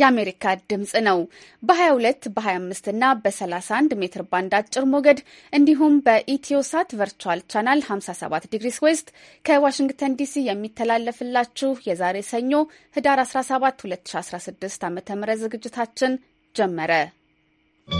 የአሜሪካ ድምፅ ነው። በ22 በ25 እና በ31 ሜትር ባንድ አጭር ሞገድ እንዲሁም በኢትዮሳት ቨርቹዋል ቻናል 57 ዲግሪስ ዌስት ከዋሽንግተን ዲሲ የሚተላለፍላችሁ የዛሬ ሰኞ ህዳር 17 2016 ዓ ም ዝግጅታችን ጀመረ። ¶¶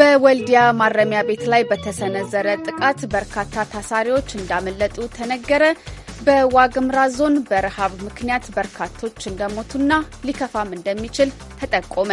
በወልዲያ ማረሚያ ቤት ላይ በተሰነዘረ ጥቃት በርካታ ታሳሪዎች እንዳመለጡ ተነገረ። በዋግምራ ዞን በረሃብ ምክንያት በርካቶች እንደሞቱና ሊከፋም እንደሚችል ተጠቆመ።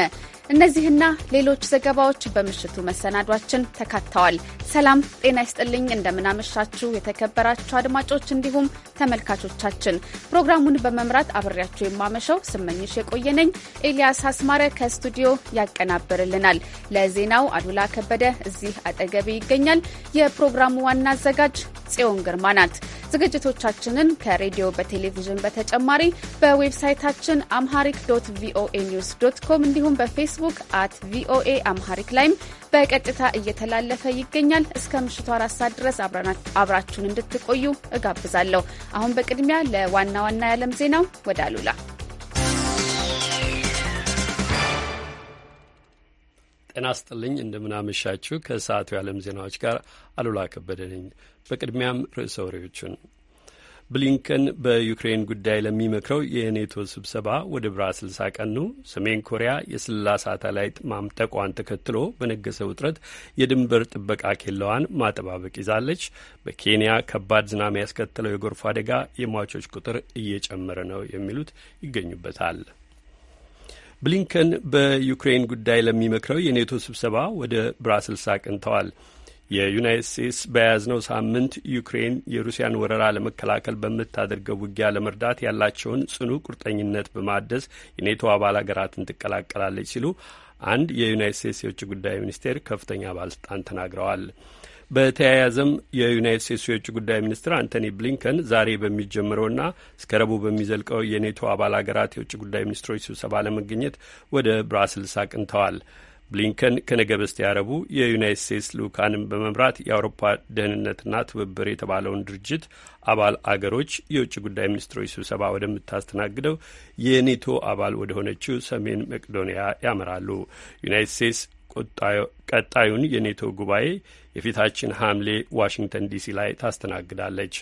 እነዚህና ሌሎች ዘገባዎች በምሽቱ መሰናዷችን ተካተዋል። ሰላም ጤና ይስጥልኝ። እንደምናመሻችሁ የተከበራችሁ አድማጮች እንዲሁም ተመልካቾቻችን። ፕሮግራሙን በመምራት አብሬያችሁ የማመሸው ስመኝሽ የቆየነኝ ኤልያስ አስማረ ከስቱዲዮ ያቀናብርልናል። ለዜናው አሉላ ከበደ እዚህ አጠገቤ ይገኛል። የፕሮግራሙ ዋና አዘጋጅ ጽዮን ግርማ ናት። ዝግጅቶቻችንን ከሬዲዮ በቴሌቪዥን በተጨማሪ በዌብሳይታችን አምሃሪክ ዶት ቪኦኤ ኒውስ ዶት ኮም እንዲሁም በፌስቡክ አት ቪኦኤ አምሃሪክ ላይም በቀጥታ እየተላለፈ ይገኛል። እስከ ምሽቱ አራት ሰዓት ድረስ አብራችሁን እንድትቆዩ እጋብዛለሁ። አሁን በቅድሚያ ለዋና ዋና የዓለም ዜናው ወደ አሉላ ጤና ስጥልኝ። እንደምናመሻችሁ ከሰዓቱ የዓለም ዜናዎች ጋር አሉላ ከበደ ነኝ። በቅድሚያም ርዕሰ ወሬዎቹን ብሊንከን በዩክሬን ጉዳይ ለሚመክረው የኔቶ ስብሰባ ወደ ብራስልስ አቀኑ። ሰሜን ኮሪያ የስለላ ሳተላይት ማምጠቋን ተከትሎ በነገሰ ውጥረት የድንበር ጥበቃ ኬላዋን ማጠባበቅ ይዛለች። በኬንያ ከባድ ዝናብ ያስከተለው የጎርፍ አደጋ የሟቾች ቁጥር እየጨመረ ነው የሚሉት ይገኙበታል። ብሊንከን በዩክሬን ጉዳይ ለሚመክረው የኔቶ ስብሰባ ወደ ብራስልስ አቅንተዋል። የዩናይት ስቴትስ በያዝነው ሳምንት ዩክሬን የሩሲያን ወረራ ለመከላከል በምታደርገው ውጊያ ለመርዳት ያላቸውን ጽኑ ቁርጠኝነት በማደስ የኔቶ አባል ሀገራትን ትቀላቀላለች ሲሉ አንድ የዩናይት ስቴትስ የውጭ ጉዳይ ሚኒስቴር ከፍተኛ ባለስልጣን ተናግረዋል። በተያያዘም የዩናይት ስቴትስ የውጭ ጉዳይ ሚኒስትር አንቶኒ ብሊንከን ዛሬ በሚጀምረውና እስከ ረቡዕ በሚዘልቀው የኔቶ አባል ሀገራት የውጭ ጉዳይ ሚኒስትሮች ስብሰባ ለመገኘት ወደ ብራስልስ አቅንተዋል። ብሊንከን ከነገ በስቲያ ረቡዕ የዩናይት ስቴትስ ልዑካንን በመምራት የአውሮፓ ደህንነትና ትብብር የተባለውን ድርጅት አባል አገሮች የውጭ ጉዳይ ሚኒስትሮች ስብሰባ ወደምታስተናግደው የኔቶ አባል ወደሆነችው ሰሜን መቅዶኒያ ያመራሉ። ዩናይት ስቴትስ ቀጣዩን የኔቶ ጉባኤ የፊታችን ሐምሌ ዋሽንግተን ዲሲ ላይ ታስተናግዳለች።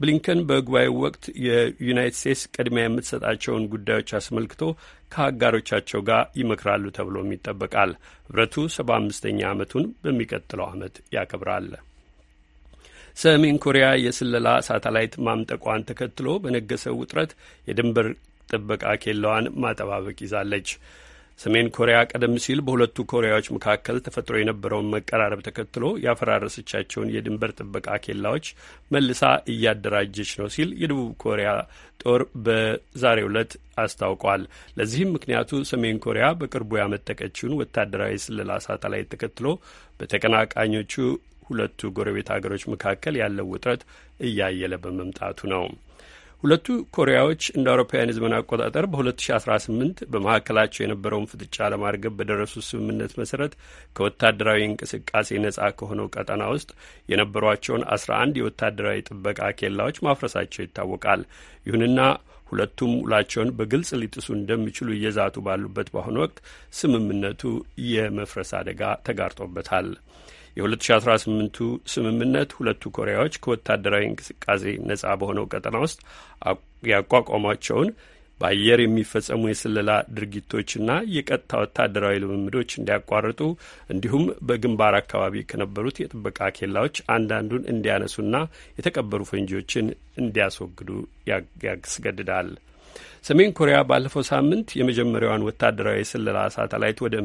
ብሊንከን በጉባኤው ወቅት የዩናይት ስቴትስ ቅድሚያ የምትሰጣቸውን ጉዳዮች አስመልክቶ ከአጋሮቻቸው ጋር ይመክራሉ ተብሎም ይጠበቃል። ህብረቱ ሰባ አምስተኛ ዓመቱን በሚቀጥለው ዓመት ያከብራል። ሰሜን ኮሪያ የስለላ ሳተላይት ማምጠቋን ተከትሎ በነገሰው ውጥረት የድንበር ጥበቃ ኬላዋን ማጠባበቅ ይዛለች። ሰሜን ኮሪያ ቀደም ሲል በሁለቱ ኮሪያዎች መካከል ተፈጥሮ የነበረውን መቀራረብ ተከትሎ ያፈራረሰቻቸውን የድንበር ጥበቃ ኬላዎች መልሳ እያደራጀች ነው ሲል የደቡብ ኮሪያ ጦር በዛሬው ዕለት አስታውቋል። ለዚህም ምክንያቱ ሰሜን ኮሪያ በቅርቡ ያመጠቀችውን ወታደራዊ ስለላ ሳተላይት ተከትሎ በተቀናቃኞቹ ሁለቱ ጎረቤት ሀገሮች መካከል ያለው ውጥረት እያየለ በመምጣቱ ነው። ሁለቱ ኮሪያዎች እንደ አውሮፓውያን ህዝብን አቆጣጠር በ2018 በመካከላቸው የነበረውን ፍጥጫ ለማርገብ በደረሱት ስምምነት መሰረት ከወታደራዊ እንቅስቃሴ ነጻ ከሆነው ቀጠና ውስጥ የነበሯቸውን 11 የወታደራዊ ጥበቃ ኬላዎች ማፍረሳቸው ይታወቃል። ይሁንና ሁለቱም ውላቸውን በግልጽ ሊጥሱ እንደሚችሉ እየዛቱ ባሉበት በአሁኑ ወቅት ስምምነቱ የመፍረስ አደጋ ተጋርጦበታል። የ2018ቱ ስምምነት ሁለቱ ኮሪያዎች ከወታደራዊ እንቅስቃሴ ነጻ በሆነው ቀጠና ውስጥ ያቋቋሟቸውን በአየር የሚፈጸሙ የስለላ ድርጊቶችና የቀጥታ ወታደራዊ ልምምዶች እንዲያቋርጡ እንዲሁም በግንባር አካባቢ ከነበሩት የጥበቃ ኬላዎች አንዳንዱን እንዲያነሱና የተቀበሩ ፈንጂዎችን እንዲያስወግዱ ያስገድዳል። ሰሜን ኮሪያ ባለፈው ሳምንት የመጀመሪያዋን ወታደራዊ የስለላ ሳተላይት ወደ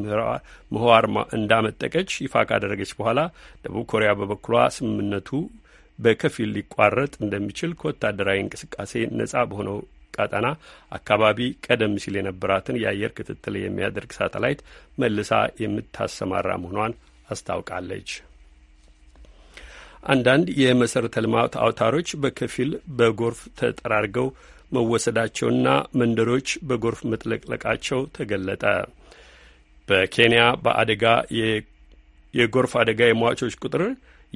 ምህዋር እንዳመጠቀች ይፋ ካደረገች በኋላ ደቡብ ኮሪያ በበኩሏ ስምምነቱ በከፊል ሊቋረጥ እንደሚችል ከወታደራዊ እንቅስቃሴ ነጻ በሆነው ቀጠና አካባቢ ቀደም ሲል የነበራትን የአየር ክትትል የሚያደርግ ሳተላይት መልሳ የምታሰማራ መሆኗን አስታውቃለች። አንዳንድ የመሠረተ ልማት አውታሮች በከፊል በጎርፍ ተጠራርገው መወሰዳቸውና መንደሮች በጎርፍ መጥለቅለቃቸው ተገለጠ። በኬንያ በአደጋ የጎርፍ አደጋ የሟቾች ቁጥር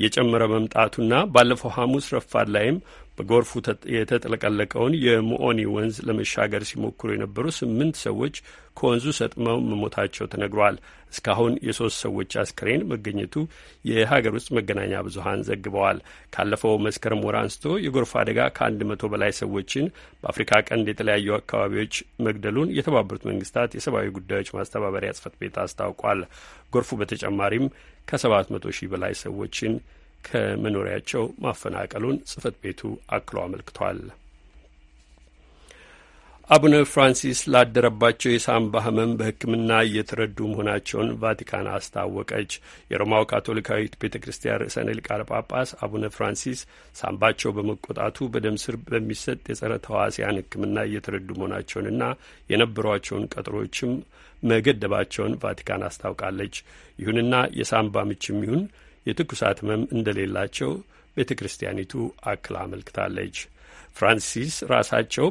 የጨመረ መምጣቱና ባለፈው ሐሙስ ረፋድ ላይም በጎርፉ የተጥለቀለቀውን የሙኦኒ ወንዝ ለመሻገር ሲሞክሩ የነበሩ ስምንት ሰዎች ከወንዙ ሰጥመው መሞታቸው ተነግሯል። እስካሁን የሶስት ሰዎች አስክሬን መገኘቱ የሀገር ውስጥ መገናኛ ብዙኃን ዘግበዋል። ካለፈው መስከረም ወር አንስቶ የጎርፍ አደጋ ከአንድ መቶ በላይ ሰዎችን በአፍሪካ ቀንድ የተለያዩ አካባቢዎች መግደሉን የተባበሩት መንግስታት የሰብአዊ ጉዳዮች ማስተባበሪያ ጽህፈት ቤት አስታውቋል። ጎርፉ በተጨማሪም ከሰባት መቶ ሺህ በላይ ሰዎችን ከመኖሪያቸው ማፈናቀሉን ጽህፈት ቤቱ አክሎ አመልክቷል። አቡነ ፍራንሲስ ላደረባቸው የሳምባ ህመም በሕክምና እየተረዱ መሆናቸውን ቫቲካን አስታወቀች። የሮማው ካቶሊካዊት ቤተ ክርስቲያን ርዕሰ ሊቃነ ጳጳስ አቡነ ፍራንሲስ ሳምባቸው በመቆጣቱ በደም ስር በሚሰጥ የጸረ ተዋሲያን ሕክምና እየተረዱ መሆናቸውንና የነበሯቸውን ቀጠሮችም መገደባቸውን ቫቲካን አስታውቃለች። ይሁንና የሳምባ ምችም ይሁን የትኩሳት ህመም እንደሌላቸው ቤተ ክርስቲያኒቱ አክላ አመልክታለች። ፍራንሲስ ራሳቸው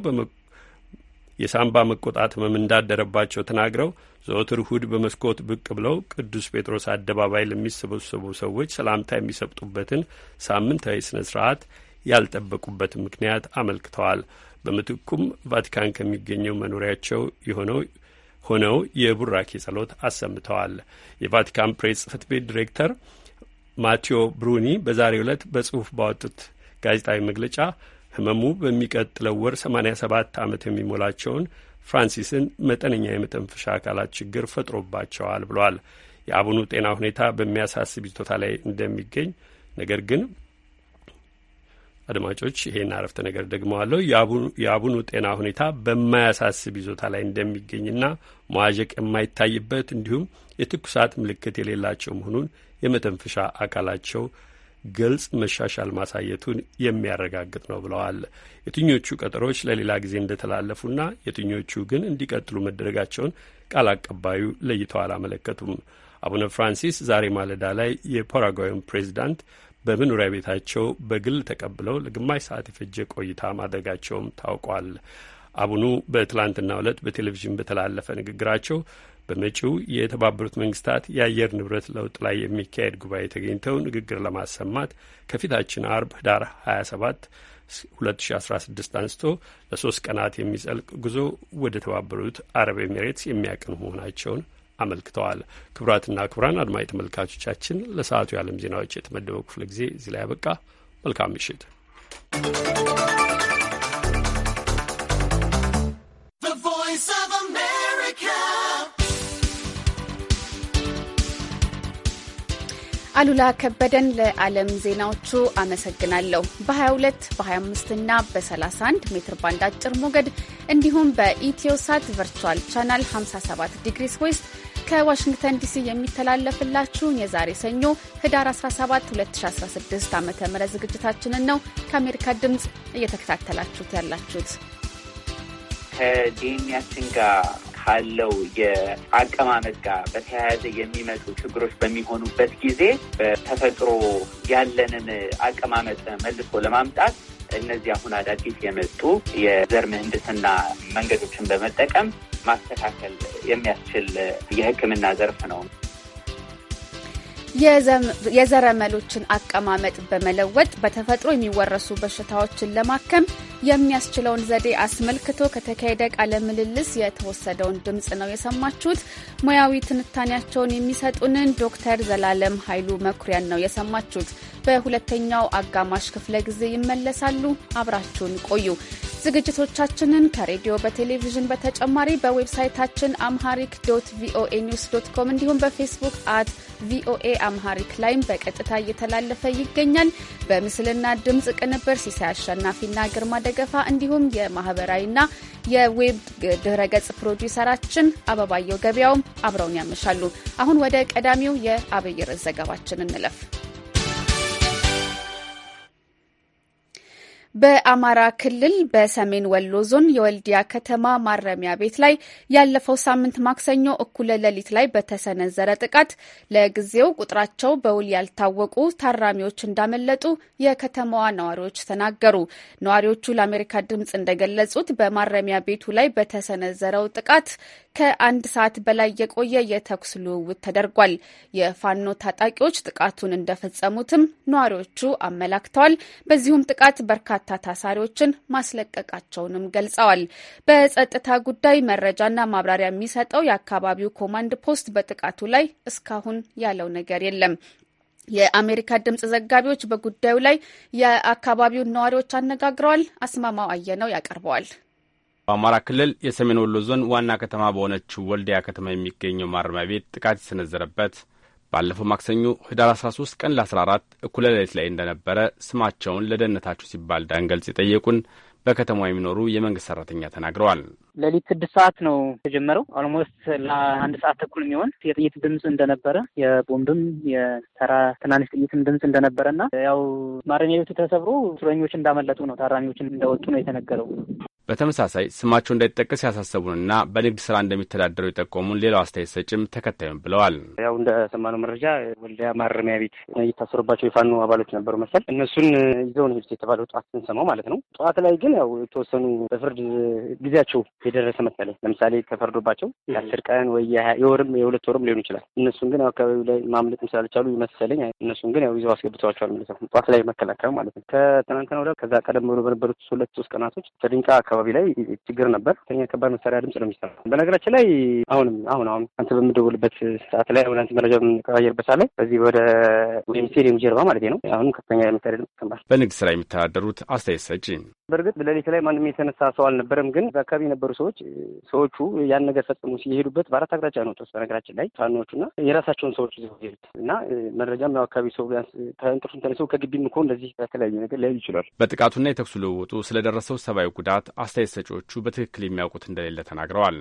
የሳምባ መቆጣት ህመም እንዳደረባቸው ተናግረው ዘወትር እሁድ በመስኮት ብቅ ብለው ቅዱስ ጴጥሮስ አደባባይ ለሚሰበሰቡ ሰዎች ሰላምታ የሚሰጡበትን ሳምንታዊ ስነ ስርዓት ያልጠበቁበት ምክንያት አመልክተዋል። በምትኩም ቫቲካን ከሚገኘው መኖሪያቸው የሆነው ሆነው የቡራኬ ጸሎት አሰምተዋል። የቫቲካን ፕሬስ ጽህፈት ቤት ዲሬክተር ማቴዎ ብሩኒ በዛሬው ዕለት በጽሁፍ ባወጡት ጋዜጣዊ መግለጫ ህመሙ በሚቀጥለው ወር 87 ዓመት የሚሞላቸውን ፍራንሲስን መጠነኛ የመተንፈሻ አካላት ችግር ፈጥሮባቸዋል ብለዋል። የአቡኑ ጤና ሁኔታ በሚያሳስብ ይዞታ ላይ እንደሚገኝ ነገር ግን አድማጮች ይሄን አረፍተ ነገር ደግመዋለሁ። የአቡኑ ጤና ሁኔታ በማያሳስብ ይዞታ ላይ እንደሚገኝና መዋዠቅ የማይታይበት እንዲሁም የትኩሳት ምልክት የሌላቸው መሆኑን የመተንፈሻ አካላቸው ግልጽ መሻሻል ማሳየቱን የሚያረጋግጥ ነው ብለዋል። የትኞቹ ቀጠሮች ለሌላ ጊዜ እንደተላለፉና የትኞቹ ግን እንዲቀጥሉ መደረጋቸውን ቃል አቀባዩ ለይተው አላመለከቱም። አቡነ ፍራንሲስ ዛሬ ማለዳ ላይ የፓራጓዩን ፕሬዚዳንት በመኖሪያ ቤታቸው በግል ተቀብለው ለግማሽ ሰዓት የፈጀ ቆይታ ማድረጋቸውም ታውቋል። አቡኑ በትላንትና ዕለት በቴሌቪዥን በተላለፈ ንግግራቸው በመጪው የተባበሩት መንግስታት የአየር ንብረት ለውጥ ላይ የሚካሄድ ጉባኤ ተገኝተው ንግግር ለማሰማት ከፊታችን አርብ ህዳር 27 2016 አንስቶ ለሶስት ቀናት የሚጸልቅ ጉዞ ወደ ተባበሩት አረብ ኤሚሬትስ የሚያቀኑ መሆናቸውን አመልክተዋል። ክቡራትና ክቡራን አድማጭ ተመልካቾቻችን ለሰዓቱ የዓለም ዜናዎች የተመደበው ክፍለ ጊዜ እዚህ ላይ ያበቃ። መልካም ምሽት። አሉላ ከበደን ለዓለም ዜናዎቹ አመሰግናለሁ። በ22 በ25 እና በ31 ሜትር ባንድ አጭር ሞገድ እንዲሁም በኢትዮሳት ቨርቹዋል ቻናል 57 ዲግሪስ ዌስት ከዋሽንግተን ዲሲ የሚተላለፍላችሁን የዛሬ ሰኞ ህዳር 17 2016 ዓ ም ዝግጅታችንን ነው ከአሜሪካ ድምፅ እየተከታተላችሁት ያላችሁት ከዲኤንኤያችን ጋር ካለው የአቀማመጥ ጋር በተያያዘ የሚመጡ ችግሮች በሚሆኑበት ጊዜ በተፈጥሮ ያለንን አቀማመጥ መልሶ ለማምጣት እነዚህ አሁን አዳዲስ የመጡ የዘር ምህንድስና መንገዶችን በመጠቀም ማስተካከል የሚያስችል የሕክምና ዘርፍ ነው። የዘረመሎችን አቀማመጥ በመለወጥ በተፈጥሮ የሚወረሱ በሽታዎችን ለማከም የሚያስችለውን ዘዴ አስመልክቶ ከተካሄደ ቃለ ምልልስ የተወሰደውን ድምፅ ነው የሰማችሁት። ሙያዊ ትንታኔያቸውን የሚሰጡንን ዶክተር ዘላለም ኃይሉ መኩሪያን ነው የሰማችሁት። በሁለተኛው አጋማሽ ክፍለ ጊዜ ይመለሳሉ። አብራችሁን ቆዩ። ዝግጅቶቻችንን ከሬዲዮ በቴሌቪዥን በተጨማሪ በዌብሳይታችን አምሃሪክ ዶት ቪኦኤ ኒውስ ዶት ኮም እንዲሁም በፌስቡክ አት ቪኦኤ አምሃሪክ ላይም በቀጥታ እየተላለፈ ይገኛል። በምስልና ድምፅ ቅንብር ሲሳይ አሸናፊና ግርማ ደገፋ እንዲሁም የማህበራዊና የዌብ ድረ ገጽ ፕሮዲውሰራችን አበባየው ገበያውም አብረውን ያመሻሉ። አሁን ወደ ቀዳሚው የአብይር ዘገባችን እንለፍ። በአማራ ክልል በሰሜን ወሎ ዞን የወልዲያ ከተማ ማረሚያ ቤት ላይ ያለፈው ሳምንት ማክሰኞ እኩለ ሌሊት ላይ በተሰነዘረ ጥቃት ለጊዜው ቁጥራቸው በውል ያልታወቁ ታራሚዎች እንዳመለጡ የከተማዋ ነዋሪዎች ተናገሩ። ነዋሪዎቹ ለአሜሪካ ድምፅ እንደገለጹት በማረሚያ ቤቱ ላይ በተሰነዘረው ጥቃት ከአንድ ሰዓት በላይ የቆየ የተኩስ ልውውጥ ተደርጓል። የፋኖ ታጣቂዎች ጥቃቱን እንደፈጸሙትም ነዋሪዎቹ አመላክተዋል። በዚሁም ጥቃት በርካታ በርካታ ታሳሪዎችን ማስለቀቃቸውንም ገልጸዋል። በጸጥታ ጉዳይ መረጃና ማብራሪያ የሚሰጠው የአካባቢው ኮማንድ ፖስት በጥቃቱ ላይ እስካሁን ያለው ነገር የለም። የአሜሪካ ድምጽ ዘጋቢዎች በጉዳዩ ላይ የአካባቢውን ነዋሪዎች አነጋግረዋል። አስማማው አየነው ያቀርበዋል። በአማራ ክልል የሰሜን ወሎ ዞን ዋና ከተማ በሆነችው ወልዲያ ከተማ የሚገኘው ማረሚያ ቤት ጥቃት የሰነዘረበት ባለፈው ማክሰኞ ህዳር 13 ቀን ለ14 እኩለ ሌሊት ላይ እንደነበረ ስማቸውን ለደህንነታቸው ሲባል ዳንገልጽ የጠየቁን በከተማው የሚኖሩ የመንግሥት ሠራተኛ ተናግረዋል። ሌሊት ስድስት ሰዓት ነው የተጀመረው። ኦልሞስት ለአንድ ሰዓት ተኩል የሚሆን የጥይት ድምፅ እንደነበረ የቦምብም የተራ ትናንሽ ጥይትም ድምፅ እንደነበረ እና ያው ማረሚያ ቤቱ ተሰብሮ እስረኞች እንዳመለጡ ነው፣ ታራሚዎችን እንደወጡ ነው የተነገረው። በተመሳሳይ ስማቸው እንዳይጠቀስ ያሳሰቡንና በንግድ ስራ እንደሚተዳደሩ የጠቆሙን ሌላው አስተያየት ሰጭም ተከታዩም ብለዋል። ያው እንደሰማነው መረጃ ወልዲያ ማረሚያ ቤት እየታሰሩባቸው የፋኖ አባሎች ነበሩ መሰል እነሱን ይዘው ነው ሄዱት የተባለው ጠዋት ስንሰማው ማለት ነው። ጠዋት ላይ ግን ያው የተወሰኑ በፍርድ ጊዜያቸው የደረሰ መሰለ ለምሳሌ ተፈርዶባቸው የአስር ቀን ወይ የወርም የሁለት ወርም ሊሆን ይችላል። እነሱን ግን አካባቢው ላይ ማምለጥ ስላልቻሉ ይመሰለኝ እነሱን ግን ያው ይዘው አስገብተዋቸዋል ማለት ነው። ጠዋት ላይ መከላከያ ማለት ነው። ከትናንትና ወዲያ ከዛ ቀደም ብሎ በነበሩት ሁለት ሶስት ቀናቶች ከድንቃ አካባቢ ላይ ችግር ነበር። ተኛ ከባድ መሳሪያ ድምጽ ነው የሚሰራ። በነገራችን ላይ አሁንም አሁን አሁን አንተ በምደውልበት ሰዓት ላይ አሁን አንተ መረጃ የምንቀያየርበት ሰዓት ላይ በዚህ ወደ ወይምሴድ የሚጀርባ ማለት ነው አሁንም ከፍተኛ የመሳሪያ ድምጽ ይሰማል። በንግድ ስራ የሚተዳደሩት አስተያየት ሰጪ በእርግጥ በሌሊት ላይ ማንም የተነሳ ሰው አልነበረም። ግን በአካባቢ ነበሩ የነበሩ ሰዎች ሰዎቹ ያን ነገር ፈጽሙ ሲሄዱበት በአራት አቅጣጫ ነው ጥስ በነገራችን ላይ ፋኖዎቹና የራሳቸውን ሰዎች ይዘው ሄዱት እና መረጃም ያው አካባቢ ሰው ቢያንስ ከእንቅልፉም ተነሰው ከግቢም እኮ እንደዚህ በተለያዩ ነገር ሊያዩ ይችላል። በጥቃቱና የተኩሱ ልውውጡ ስለደረሰው ሰብአዊ ጉዳት አስተያየት ሰጪዎቹ በትክክል የሚያውቁት እንደሌለ ተናግረዋል።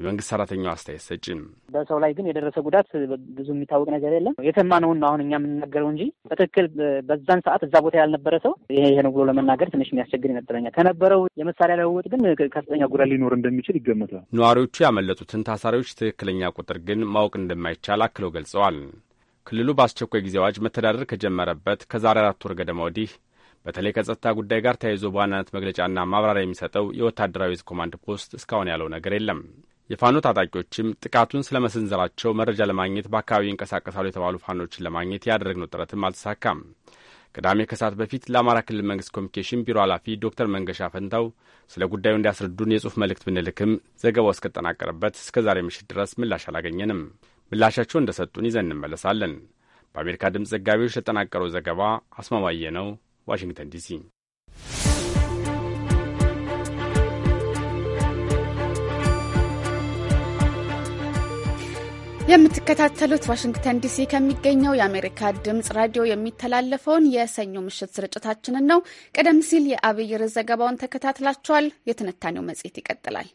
የመንግስት ሰራተኛው አስተያየት ሰጪ በሰው ላይ ግን የደረሰ ጉዳት ብዙ የሚታወቅ ነገር የለም። የሰማነውን አሁን እኛ የምንናገረው እንጂ በትክክል በዛን ሰዓት እዛ ቦታ ያልነበረ ሰው ይሄ ይሄ ነው ብሎ ለመናገር ትንሽ የሚያስቸግር ይመስለኛል። ከነበረው የመሳሪያ ልውውጥ ግን ከፍተኛ ጉዳት ሊኖር እንደሚችል ይገመታል። ነዋሪዎቹ ያመለጡትን ታሳሪዎች ትክክለኛ ቁጥር ግን ማወቅ እንደማይቻል አክለው ገልጸዋል። ክልሉ በአስቸኳይ ጊዜ አዋጅ መተዳደር ከጀመረበት ከዛሬ አራት ወር ገደማ ወዲህ በተለይ ከጸጥታ ጉዳይ ጋር ተያይዞ በዋናነት መግለጫና ማብራሪያ የሚሰጠው የወታደራዊ ኮማንድ ፖስት እስካሁን ያለው ነገር የለም። የፋኖ ታጣቂዎችም ጥቃቱን ስለ መሰንዘራቸው መረጃ ለማግኘት በአካባቢው ይንቀሳቀሳሉ የተባሉ ፋኖችን ለማግኘት ያደረግነው ጥረትም አልተሳካም። ቅዳሜ ከሰዓት በፊት ለአማራ ክልል መንግስት ኮሚኒኬሽን ቢሮ ኃላፊ ዶክተር መንገሻ ፈንታው ስለ ጉዳዩ እንዲያስረዱን የጽሁፍ መልእክት ብንልክም ዘገባው እስከጠናቀረበት እስከ ዛሬ ምሽት ድረስ ምላሽ አላገኘንም። ምላሻቸው እንደ ሰጡን ይዘን እንመለሳለን። በአሜሪካ ድምፅ ዘጋቢዎች ለጠናቀረው ዘገባ አስማማየ ነው፣ ዋሽንግተን ዲሲ የምትከታተሉት ዋሽንግተን ዲሲ ከሚገኘው የአሜሪካ ድምጽ ራዲዮ የሚተላለፈውን የሰኞ ምሽት ስርጭታችንን ነው። ቀደም ሲል የአብይ ርዕስ ዘገባውን ተከታትላችኋል። የትንታኔው መጽሔት ይቀጥላል።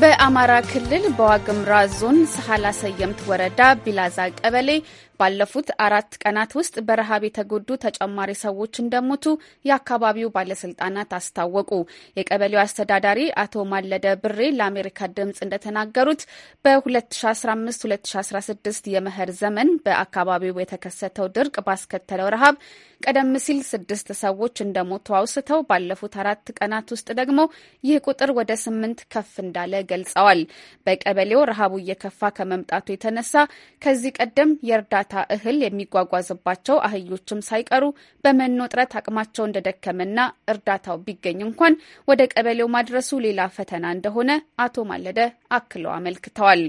በአማራ ክልል በዋግምራ ዞን ሳህላ ሰየምት ወረዳ ቢላዛ ቀበሌ ባለፉት አራት ቀናት ውስጥ በረሃብ የተጎዱ ተጨማሪ ሰዎች እንደሞቱ የአካባቢው ባለስልጣናት አስታወቁ። የቀበሌው አስተዳዳሪ አቶ ማለደ ብሬ ለአሜሪካ ድምፅ እንደተናገሩት በ2015-2016 የመኸር ዘመን በአካባቢው የተከሰተው ድርቅ ባስከተለው ረሃብ ቀደም ሲል ስድስት ሰዎች እንደሞቱ አውስተው ባለፉት አራት ቀናት ውስጥ ደግሞ ይህ ቁጥር ወደ ስምንት ከፍ እንዳለ ገልጸዋል። በቀበሌው ረሃቡ እየከፋ ከመምጣቱ የተነሳ ከዚህ ቀደም የእርዳ የእርዳታ እህል የሚጓጓዝባቸው አህዮችም ሳይቀሩ በመኖ እጥረት አቅማቸው እንደደከመና እርዳታው ቢገኝ እንኳን ወደ ቀበሌው ማድረሱ ሌላ ፈተና እንደሆነ አቶ ማለደ አክለው አመልክተዋል።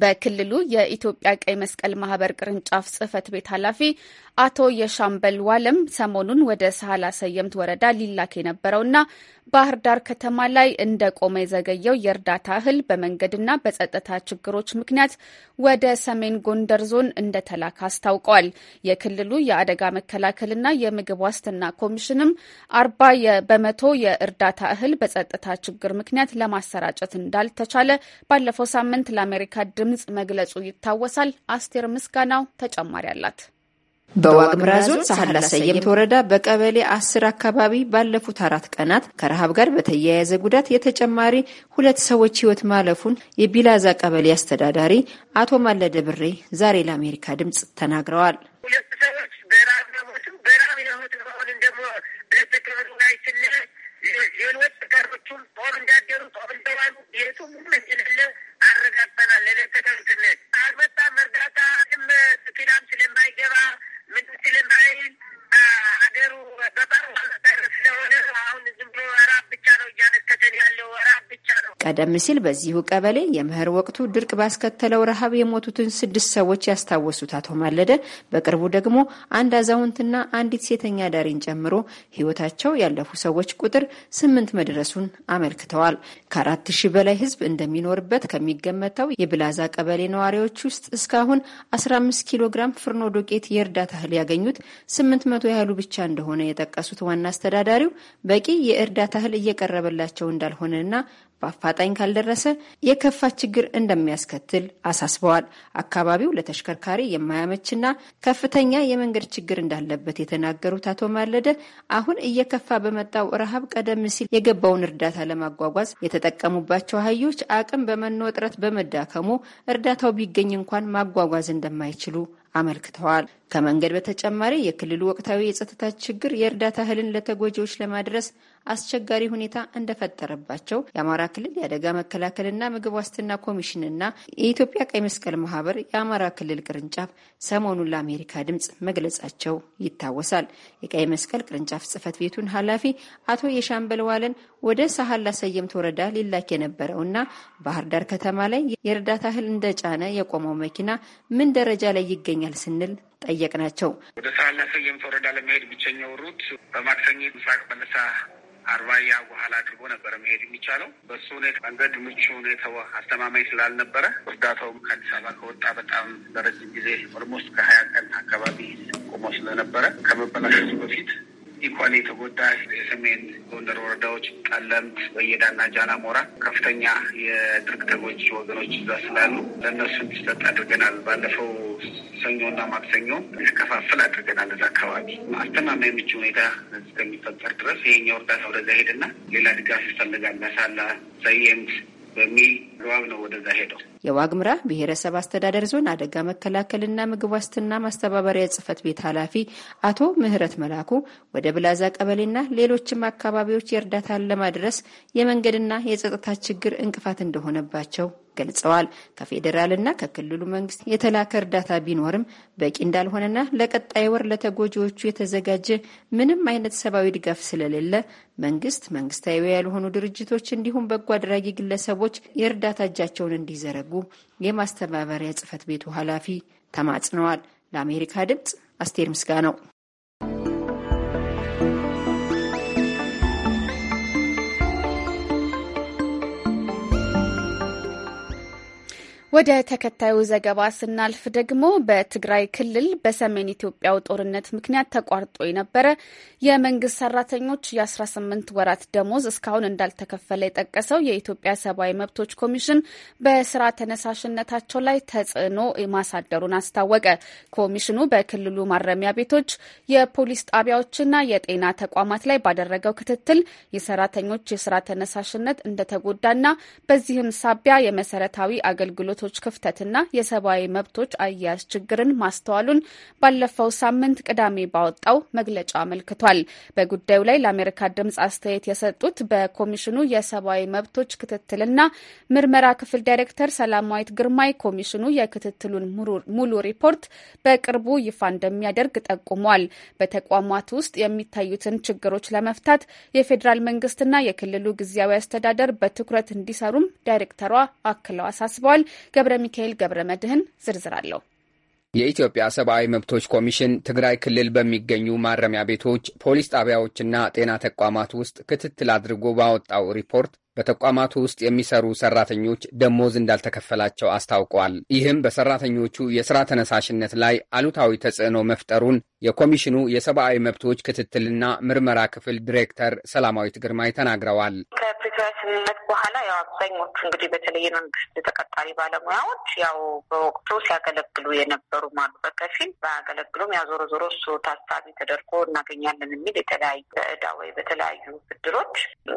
በክልሉ የኢትዮጵያ ቀይ መስቀል ማህበር ቅርንጫፍ ጽህፈት ቤት ኃላፊ አቶ የሻምበል ዋለም ሰሞኑን ወደ ሳህላ ሰየምት ወረዳ ሊላክ የነበረውና ባህር ዳር ከተማ ላይ እንደቆመ የዘገየው የእርዳታ እህል በመንገድና በጸጥታ ችግሮች ምክንያት ወደ ሰሜን ጎንደር ዞን እንደተላከ አስታውቀዋል። የክልሉ የአደጋ መከላከልና የምግብ ዋስትና ኮሚሽንም አርባ በመቶ የእርዳታ እህል በጸጥታ ችግር ምክንያት ለማሰራጨት እንዳልተቻለ ባለፈው ሳምንት ለአሜሪካ ድምጽ መግለጹ ይታወሳል። አስቴር ምስጋናው ተጨማሪ አላት። በዋግምራ ዞን ሳህላ ሰየምት ወረዳ በቀበሌ አስር አካባቢ ባለፉት አራት ቀናት ከረሃብ ጋር በተያያዘ ጉዳት የተጨማሪ ሁለት ሰዎች ሕይወት ማለፉን የቢላዛ ቀበሌ አስተዳዳሪ አቶ ማለደ ብሬ ዛሬ ለአሜሪካ ድምጽ ተናግረዋል። ሁለት ቀሮቹም ጦር እንዳደሩ ጦር እንደዋሉ ቤቱ እንደሌለ አረጋግጠናል። አልመጣም እርዳታ ስለማይገባ ምን ሀገሩ ስለሆነ አሁን ዝም ብሎ ራብ ብቻ ነው እያነከተን ያለው ራብ ብቻ ነው። ቀደም ሲል በዚሁ ቀበሌ የመኸር ወቅቱ ድርቅ ባስከተለው ረሃብ የሞቱትን ስድስት ሰዎች ያስታወሱት አቶ ማለደ በቅርቡ ደግሞ አንድ አዛውንትና አንዲት ሴተኛ ዳሪን ጨምሮ ህይወታቸው ያለፉ ሰዎች ቁጥር ስምንት መድረሱን አመልክተዋል። ከአራት ሺህ በላይ ህዝብ እንደሚኖርበት ከሚገመተው የብላዛ ቀበሌ ነዋሪዎች ውስጥ እስካሁን አስራ አምስት ኪሎ ግራም ፍርኖ ዱቄት የእርዳታ እህል ያገኙት ስምንት በመቶ ያህሉ ብቻ እንደሆነ የጠቀሱት ዋና አስተዳዳሪው በቂ የእርዳታ እህል እየቀረበላቸው እንዳልሆነና በአፋጣኝ ካልደረሰ የከፋ ችግር እንደሚያስከትል አሳስበዋል። አካባቢው ለተሽከርካሪ የማያመችና ከፍተኛ የመንገድ ችግር እንዳለበት የተናገሩት አቶ ማለደ አሁን እየከፋ በመጣው ረሃብ ቀደም ሲል የገባውን እርዳታ ለማጓጓዝ የተጠቀሙባቸው አህዮች አቅም በመኖ እጥረት በመዳከሙ እርዳታው ቢገኝ እንኳን ማጓጓዝ እንደማይችሉ አመልክተዋል። ከመንገድ በተጨማሪ የክልሉ ወቅታዊ የጸጥታ ችግር የእርዳታ እህልን ለተጎጂዎች ለማድረስ አስቸጋሪ ሁኔታ እንደፈጠረባቸው የአማራ ክልል የአደጋ መከላከልና ምግብ ዋስትና ኮሚሽንና የኢትዮጵያ ቀይ መስቀል ማህበር የአማራ ክልል ቅርንጫፍ ሰሞኑን ለአሜሪካ ድምፅ መግለጻቸው ይታወሳል። የቀይ መስቀል ቅርንጫፍ ጽህፈት ቤቱን ኃላፊ አቶ የሻምበል ዋለን ወደ ሳህላ ሰየምት ወረዳ ሊላክ የነበረውና ባህር ዳር ከተማ ላይ የእርዳታ እህል እንደጫነ የቆመው መኪና ምን ደረጃ ላይ ይገኛል ስንል ጠየቅናቸው። ወደ ስራና ሰየምት ወረዳ ለመሄድ ብቸኛው ሩት በማክሰኝት ምስራቅ መለሳ አርባያ ውሃላ አድርጎ ነበረ መሄድ የሚቻለው። በሱ ሁኔታ መንገድ ምቹ ሁኔታው አስተማማኝ ስላልነበረ እርዳታውም ከአዲስ አበባ ከወጣ በጣም ለረጅም ጊዜ ኦልሞስት ከሀያ ቀን አካባቢ ቆሞ ስለነበረ ከመበላሸቱ በፊት ኢኳል የተጎዳ የሰሜን ጎንደር ወረዳዎች ጠለምት፣ ወየዳና ጃና ሞራ ከፍተኛ የድርቅ ተጎጂ ወገኖች እዛ ስላሉ ለእነሱ እንዲሰጥ አድርገናል። ባለፈው ሰኞና ማክሰኞ እንዲከፋፍል አድርገናል። እዛ አካባቢ አስተማማኝ ምቹ ሁኔታ እስከሚፈጠር ድረስ ይሄኛው እርዳታ ወደዛ ሄድና ሌላ ድጋፍ ይፈልጋል። መሳላ ሰየምት በሚል ድባብ ነው ወደዛ ሄደው። የዋግምራ ብሔረሰብ አስተዳደር ዞን አደጋ መከላከልና ምግብ ዋስትና ማስተባበሪያ ጽህፈት ቤት ኃላፊ አቶ ምህረት መላኩ ወደ ብላዛ ቀበሌና ሌሎችም አካባቢዎች የእርዳታን ለማድረስ የመንገድና የጸጥታ ችግር እንቅፋት እንደሆነባቸው ገልጸዋል። ከፌዴራልና ከክልሉ መንግስት የተላከ እርዳታ ቢኖርም በቂ እንዳልሆነና ለቀጣይ ወር ለተጎጂዎቹ የተዘጋጀ ምንም አይነት ሰብአዊ ድጋፍ ስለሌለ መንግስት፣ መንግስታዊ ያልሆኑ ድርጅቶች እንዲሁም በጎ አድራጊ ግለሰቦች የእርዳታ እጃቸውን እንዲዘረጉ የማስተባበሪያ ጽህፈት ቤቱ ኃላፊ ተማጽነዋል። ለአሜሪካ ድምጽ አስቴር ምስጋ ነው። ወደ ተከታዩ ዘገባ ስናልፍ ደግሞ በትግራይ ክልል በሰሜን ኢትዮጵያው ጦርነት ምክንያት ተቋርጦ የነበረ የመንግስት ሰራተኞች የ18 ወራት ደሞዝ እስካሁን እንዳልተከፈለ የጠቀሰው የኢትዮጵያ ሰብአዊ መብቶች ኮሚሽን በስራ ተነሳሽነታቸው ላይ ተጽዕኖ ማሳደሩን አስታወቀ። ኮሚሽኑ በክልሉ ማረሚያ ቤቶች፣ የፖሊስ ጣቢያዎችና የጤና ተቋማት ላይ ባደረገው ክትትል የሰራተኞች የስራ ተነሳሽነት እንደተጎዳና በዚህም ሳቢያ የመሰረታዊ አገልግሎት መብቶች ክፍተትና የሰብአዊ መብቶች አያያዝ ችግርን ማስተዋሉን ባለፈው ሳምንት ቅዳሜ ባወጣው መግለጫ አመልክቷል። በጉዳዩ ላይ ለአሜሪካ ድምፅ አስተያየት የሰጡት በኮሚሽኑ የሰብአዊ መብቶች ክትትልና ምርመራ ክፍል ዳይሬክተር ሰላማዊት ግርማይ ኮሚሽኑ የክትትሉን ሙሉ ሪፖርት በቅርቡ ይፋ እንደሚያደርግ ጠቁሟል። በተቋማት ውስጥ የሚታዩትን ችግሮች ለመፍታት የፌዴራል መንግስትና የክልሉ ጊዜያዊ አስተዳደር በትኩረት እንዲሰሩም ዳይሬክተሯ አክለው አሳስበዋል። ገብረ ሚካኤል ገብረ መድህን ዝርዝር አለው። የኢትዮጵያ ሰብአዊ መብቶች ኮሚሽን ትግራይ ክልል በሚገኙ ማረሚያ ቤቶች፣ ፖሊስ ጣቢያዎችና ጤና ተቋማት ውስጥ ክትትል አድርጎ ባወጣው ሪፖርት በተቋማቱ ውስጥ የሚሰሩ ሰራተኞች ደሞዝ እንዳልተከፈላቸው አስታውቀዋል። ይህም በሰራተኞቹ የሥራ ተነሳሽነት ላይ አሉታዊ ተጽዕኖ መፍጠሩን የኮሚሽኑ የሰብአዊ መብቶች ክትትልና ምርመራ ክፍል ዲሬክተር ሰላማዊት ግርማይ ተናግረዋል። ከፕሪቶሪያ ስምምነት በኋላ ያው አብዛኞቹ እንግዲህ በተለይ መንግስት ተቀጣሪ ባለሙያዎች ያው በወቅቱ ሲያገለግሉ የነበሩ አሉ። በከፊል ባያገለግሉም ያው ዞሮ ዞሮ እሱ ታሳቢ ተደርጎ እናገኛለን የሚል የተለያዩ በእዳ ወይ በተለያዩ ብድሮች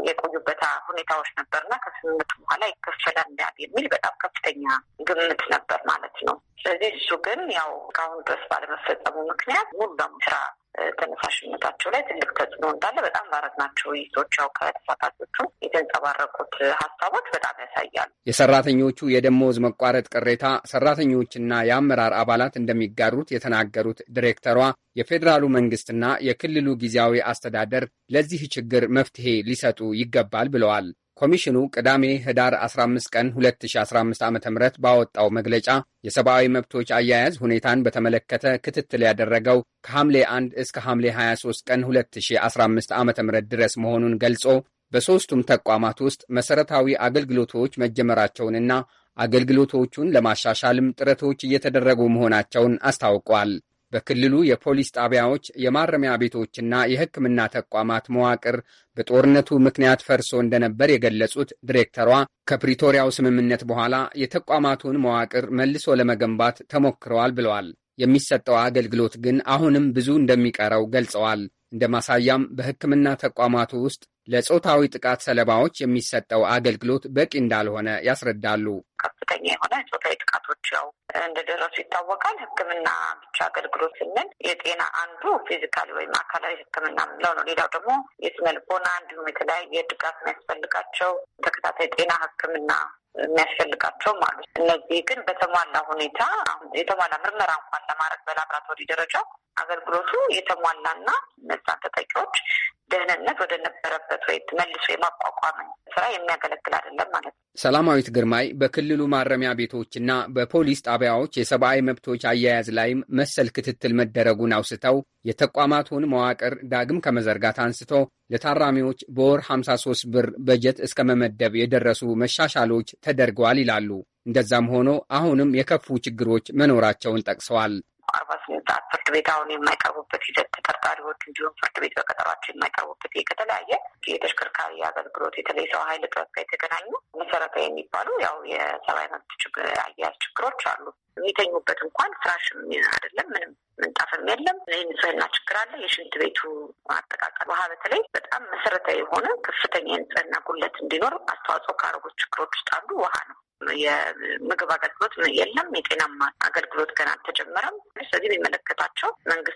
የቆዩበት ሁኔታዎች ነበር ነበርና ከስምምነቱ በኋላ ይከፈላል የሚል በጣም ከፍተኛ ግምት ነበር ማለት ነው። ስለዚህ እሱ ግን ያው እስካሁን ድረስ ባለመፈጸሙ ምክንያት ሙሉ ለሙሉ ስራ ተነሳሽነታቸው ላይ ትልቅ ተጽዕኖ እንዳለ በጣም ናቸው ይዞች ያው ከተሳታፊዎቹ የተንጸባረቁት ሀሳቦች በጣም ያሳያሉ። የሰራተኞቹ የደሞዝ መቋረጥ ቅሬታ ሰራተኞችና የአመራር አባላት እንደሚጋሩት የተናገሩት ዲሬክተሯ የፌዴራሉ መንግስትና የክልሉ ጊዜያዊ አስተዳደር ለዚህ ችግር መፍትሄ ሊሰጡ ይገባል ብለዋል። ኮሚሽኑ ቅዳሜ ህዳር 15 ቀን 2015 ዓ ም ባወጣው መግለጫ የሰብአዊ መብቶች አያያዝ ሁኔታን በተመለከተ ክትትል ያደረገው ከሐምሌ 1 እስከ ሐምሌ 23 ቀን 2015 ዓ ም ድረስ መሆኑን ገልጾ በሦስቱም ተቋማት ውስጥ መሠረታዊ አገልግሎቶች መጀመራቸውንና አገልግሎቶቹን ለማሻሻልም ጥረቶች እየተደረጉ መሆናቸውን አስታውቋል። በክልሉ የፖሊስ ጣቢያዎች፣ የማረሚያ ቤቶችና የሕክምና ተቋማት መዋቅር በጦርነቱ ምክንያት ፈርሶ እንደነበር የገለጹት ዲሬክተሯ ከፕሪቶሪያው ስምምነት በኋላ የተቋማቱን መዋቅር መልሶ ለመገንባት ተሞክረዋል ብለዋል። የሚሰጠው አገልግሎት ግን አሁንም ብዙ እንደሚቀረው ገልጸዋል። እንደ ማሳያም በሕክምና ተቋማቱ ውስጥ ለጾታዊ ጥቃት ሰለባዎች የሚሰጠው አገልግሎት በቂ እንዳልሆነ ያስረዳሉ። ከፍተኛ የሆነ ጾታዊ ጥቃቶች ያው እንደደረሱ ይታወቃል። ሕክምና ብቻ አገልግሎት ስንል የጤና አንዱ ፊዚካል ወይም አካላዊ ሕክምና ምንለው ነው። ሌላው ደግሞ የስነ እንዲሁም የተለያየ ድጋፍ የሚያስፈልጋቸው ተከታታይ ጤና ሕክምና ማለት ነው። እነዚህ ግን በተሟላ ሁኔታ የተሟላ ምርመራ እንኳን ለማድረግ በላብራቶሪ ደረጃ አገልግሎቱ የተሟላና እነዛን ተጠቂዎች ደህንነት ወደ ነበረበት ወይ መልሶ የማቋቋም ስራ የሚያገለግል አይደለም ማለት ነው። ሰላማዊት ግርማይ በክልሉ ማረሚያ ቤቶችና በፖሊስ ጣቢያዎች የሰብአዊ መብቶች አያያዝ ላይም መሰል ክትትል መደረጉን አውስተው የተቋማቱን መዋቅር ዳግም ከመዘርጋት አንስቶ ለታራሚዎች በወር 53 ብር በጀት እስከ መመደብ የደረሱ መሻሻሎች ተደርገዋል ይላሉ። እንደዛም ሆኖ አሁንም የከፉ ችግሮች መኖራቸውን ጠቅሰዋል። አርባ ስምንት ሰዓት ፍርድ ቤት አሁን የማይቀርቡበት ሂደት ተጠርጣሪዎች እንዲሁም ፍርድ ቤት በቀጠሯቸው የማይቀርቡበት ከተለያየ የተሽከርካሪ አገልግሎት የተለይ ሰው ኃይል እጥረት ጋር የተገናኙ መሰረታዊ የሚባሉ ያው የሰብአዊ መብት አያያዝ ችግሮች አሉ። የሚተኙበት እንኳን ፍራሽም አይደለም፣ ምንም ምንጣፍም የለም። ይህ ንጽህና ችግር አለ። የሽንት ቤቱ አጠቃቀል ውሃ በተለይ በጣም መሰረታዊ የሆነ ከፍተኛ የንጽህና ጉለት እንዲኖር አስተዋጽኦ ካረጎች ችግሮች ውስጥ አንዱ ውሃ ነው። የምግብ አገልግሎት የለም። የጤናማ አገልግሎት ገና አልተጀመረም። ስለዚህ የሚመለከታቸው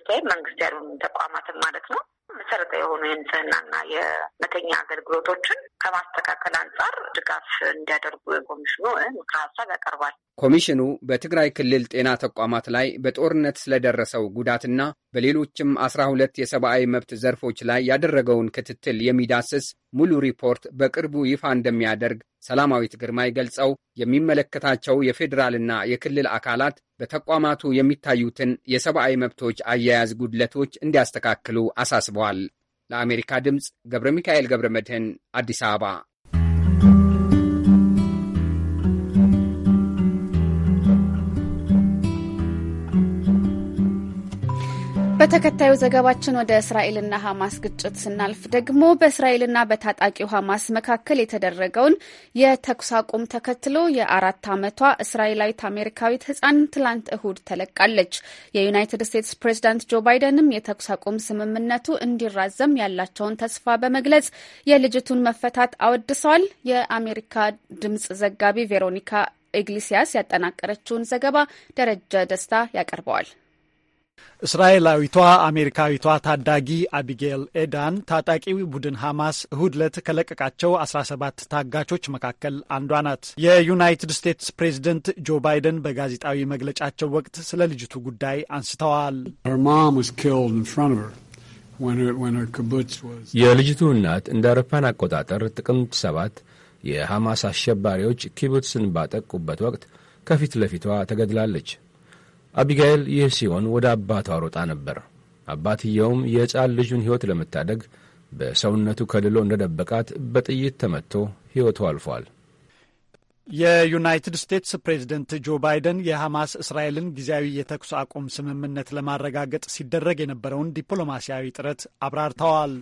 ወይም መንግስት ያልሆኑ ተቋማትን ማለት ነው መሰረታዊ የሆኑ የንጽህናና የመተኛ አገልግሎቶችን ከማስተካከል አንጻር ድጋፍ እንዲያደርጉ የኮሚሽኑ ምክረ ሀሳብ ያቀርባል። ኮሚሽኑ በትግራይ ክልል ጤና ተቋማት ላይ በጦርነት ስለደረሰው ጉዳትና በሌሎችም 12 የሰብአዊ መብት ዘርፎች ላይ ያደረገውን ክትትል የሚዳስስ ሙሉ ሪፖርት በቅርቡ ይፋ እንደሚያደርግ ሰላማዊት ግርማይ ገልጸው የሚመለከታቸው የፌዴራልና የክልል አካላት በተቋማቱ የሚታዩትን የሰብአዊ መብቶች አያያዝ ጉድለቶች እንዲያስተካክሉ አሳስበዋል። ለአሜሪካ ድምፅ ገብረ ሚካኤል ገብረ መድህን አዲስ አበባ በተከታዩ ዘገባችን ወደ እስራኤልና ሐማስ ግጭት ስናልፍ ደግሞ በእስራኤልና በታጣቂው ሐማስ መካከል የተደረገውን የተኩስ አቁም ተከትሎ የአራት ዓመቷ እስራኤላዊት አሜሪካዊት ሕፃን ትላንት እሁድ ተለቃለች። የዩናይትድ ስቴትስ ፕሬዚዳንት ጆ ባይደንም የተኩስ አቁም ስምምነቱ እንዲራዘም ያላቸውን ተስፋ በመግለጽ የልጅቱን መፈታት አወድሰዋል። የአሜሪካ ድምጽ ዘጋቢ ቬሮኒካ ኢግሊሲያስ ያጠናቀረችውን ዘገባ ደረጃ ደስታ ያቀርበዋል። እስራኤላዊቷ አሜሪካዊቷ ታዳጊ አቢጌል ኤዳን ታጣቂው ቡድን ሐማስ እሁድ ዕለት ከለቀቃቸው 17 ታጋቾች መካከል አንዷ ናት። የዩናይትድ ስቴትስ ፕሬዝደንት ጆ ባይደን በጋዜጣዊ መግለጫቸው ወቅት ስለ ልጅቱ ጉዳይ አንስተዋል። የልጅቱ እናት እንደ አውሮፓን አቆጣጠር ጥቅምት ሰባት የሐማስ አሸባሪዎች ኪቡትስን ባጠቁበት ወቅት ከፊት ለፊቷ ተገድላለች። አቢጋኤል ይህ ሲሆን ወደ አባቷ ሮጣ ነበር። አባትየውም የሕፃን ልጁን ሕይወት ለመታደግ በሰውነቱ ከልሎ እንደደበቃት በጥይት ተመትቶ ሕይወቱ አልፏል። የዩናይትድ ስቴትስ ፕሬዝደንት ጆ ባይደን የሐማስ እስራኤልን ጊዜያዊ የተኩስ አቁም ስምምነት ለማረጋገጥ ሲደረግ የነበረውን ዲፕሎማሲያዊ ጥረት አብራርተዋል።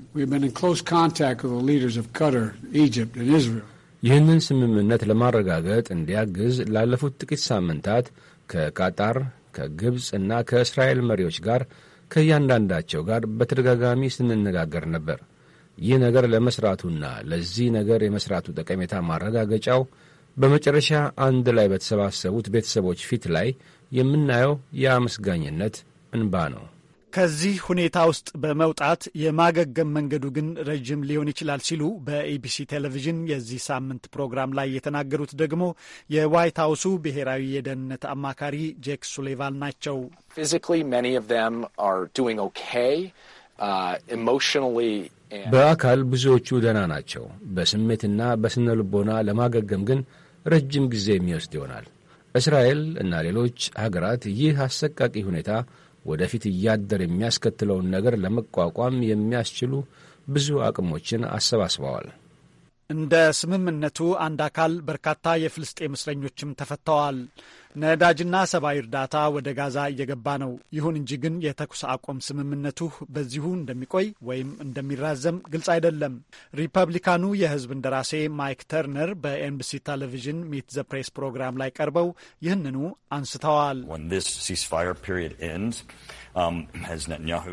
ይህንን ስምምነት ለማረጋገጥ እንዲያግዝ ላለፉት ጥቂት ሳምንታት ከቃጣር ከግብፅ እና ከእስራኤል መሪዎች ጋር ከእያንዳንዳቸው ጋር በተደጋጋሚ ስንነጋገር ነበር። ይህ ነገር ለመስራቱና ለዚህ ነገር የመስራቱ ጠቀሜታ ማረጋገጫው በመጨረሻ አንድ ላይ በተሰባሰቡት ቤተሰቦች ፊት ላይ የምናየው የአመስጋኝነት እንባ ነው። ከዚህ ሁኔታ ውስጥ በመውጣት የማገገም መንገዱ ግን ረጅም ሊሆን ይችላል ሲሉ በኢቢሲ ቴሌቪዥን የዚህ ሳምንት ፕሮግራም ላይ የተናገሩት ደግሞ የዋይት ሀውሱ ብሔራዊ የደህንነት አማካሪ ጄክ ሱሊቫን ናቸው። uh, በአካል ብዙዎቹ ደህና ናቸው። በስሜትና በስነ ልቦና ለማገገም ግን ረጅም ጊዜ የሚወስድ ይሆናል። እስራኤል እና ሌሎች ሀገራት ይህ አሰቃቂ ሁኔታ ወደፊት እያደር የሚያስከትለውን ነገር ለመቋቋም የሚያስችሉ ብዙ አቅሞችን አሰባስበዋል። እንደ ስምምነቱ አንድ አካል በርካታ የፍልስጤም እስረኞችም ተፈተዋል። ነዳጅና ሰብአዊ እርዳታ ወደ ጋዛ እየገባ ነው። ይሁን እንጂ ግን የተኩስ አቁም ስምምነቱ በዚሁ እንደሚቆይ ወይም እንደሚራዘም ግልጽ አይደለም። ሪፐብሊካኑ የህዝብ እንደራሴ ማይክ ተርነር በኤንቢሲ ቴሌቪዥን ሚት ዘ ፕሬስ ፕሮግራም ላይ ቀርበው ይህንኑ አንስተዋል። um,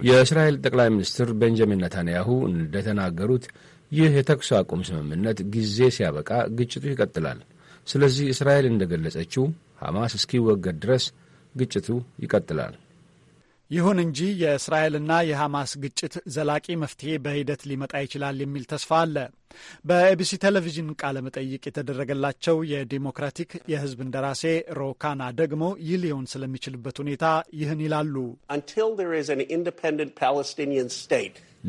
የእስራኤል ጠቅላይ ሚኒስትር ቤንጃሚን ነታንያሁ እንደተናገሩት ይህ የተኩስ አቁም ስምምነት ጊዜ ሲያበቃ ግጭቱ ይቀጥላል። ስለዚህ እስራኤል እንደገለጸችው ሐማስ እስኪወገድ ድረስ ግጭቱ ይቀጥላል። ይሁን እንጂ የእስራኤልና የሐማስ ግጭት ዘላቂ መፍትሄ በሂደት ሊመጣ ይችላል የሚል ተስፋ አለ። በኤቢሲ ቴሌቪዥን ቃለ መጠይቅ የተደረገላቸው የዲሞክራቲክ የሕዝብ እንደራሴ ሮካና ደግሞ ይህ ሊሆን ስለሚችልበት ሁኔታ ይህን ይላሉ።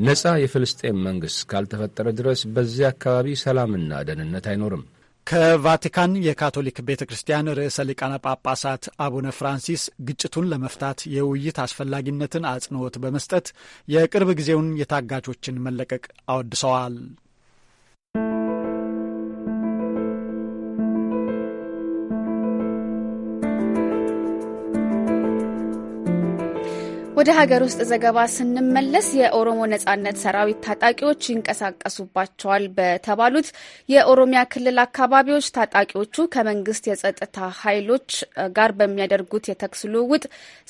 ነፃ የፍልስጤም መንግሥት ካልተፈጠረ ድረስ በዚያ አካባቢ ሰላምና ደህንነት አይኖርም። ከቫቲካን የካቶሊክ ቤተ ክርስቲያን ርዕሰ ሊቃነ ጳጳሳት አቡነ ፍራንሲስ ግጭቱን ለመፍታት የውይይት አስፈላጊነትን አጽንዖት በመስጠት የቅርብ ጊዜውን የታጋቾችን መለቀቅ አወድሰዋል። ወደ ሀገር ውስጥ ዘገባ ስንመለስ የኦሮሞ ነጻነት ሰራዊት ታጣቂዎች ይንቀሳቀሱባቸዋል በተባሉት የኦሮሚያ ክልል አካባቢዎች ታጣቂዎቹ ከመንግስት የጸጥታ ኃይሎች ጋር በሚያደርጉት የተኩስ ልውውጥ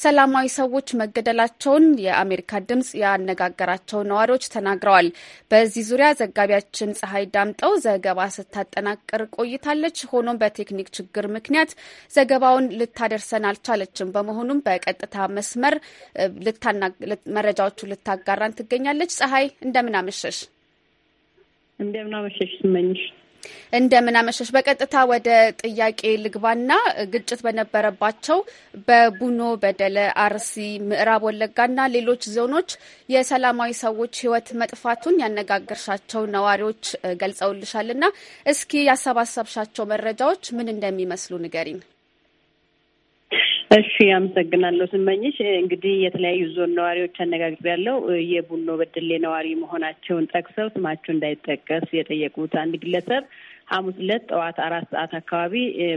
ሰላማዊ ሰዎች መገደላቸውን የአሜሪካ ድምጽ ያነጋገራቸው ነዋሪዎች ተናግረዋል። በዚህ ዙሪያ ዘጋቢያችን ፀሐይ ዳምጠው ዘገባ ስታጠናቅር ቆይታለች። ሆኖም በቴክኒክ ችግር ምክንያት ዘገባውን ልታደርሰን አልቻለችም። በመሆኑም በቀጥታ መስመር መረጃዎቹ ልታጋራን ትገኛለች። ፀሐይ እንደምን አመሸሽ? እንደምን አመሸሽ ስመኝሽ እንደምን አመሸሽ። በቀጥታ ወደ ጥያቄ ልግባና ግጭት በነበረባቸው በቡኖ በደለ፣ አርሲ፣ ምዕራብ ወለጋና ሌሎች ዞኖች የሰላማዊ ሰዎች ሕይወት መጥፋቱን ያነጋገርሻቸው ነዋሪዎች ገልጸውልሻልና እስኪ ያሰባሰብሻቸው መረጃዎች ምን እንደሚመስሉ ንገሪን። እሺ አመሰግናለሁ ስመኝሽ። እንግዲህ የተለያዩ ዞን ነዋሪዎች ያለው የቡኖ በደሌ ነዋሪ መሆናቸውን ጠቅሰው ስማቸው እንዳይጠቀስ የጠየቁት አንድ ግለሰብ ሐሙስ ዕለት ጠዋት አራት ሰዓት አካባቢ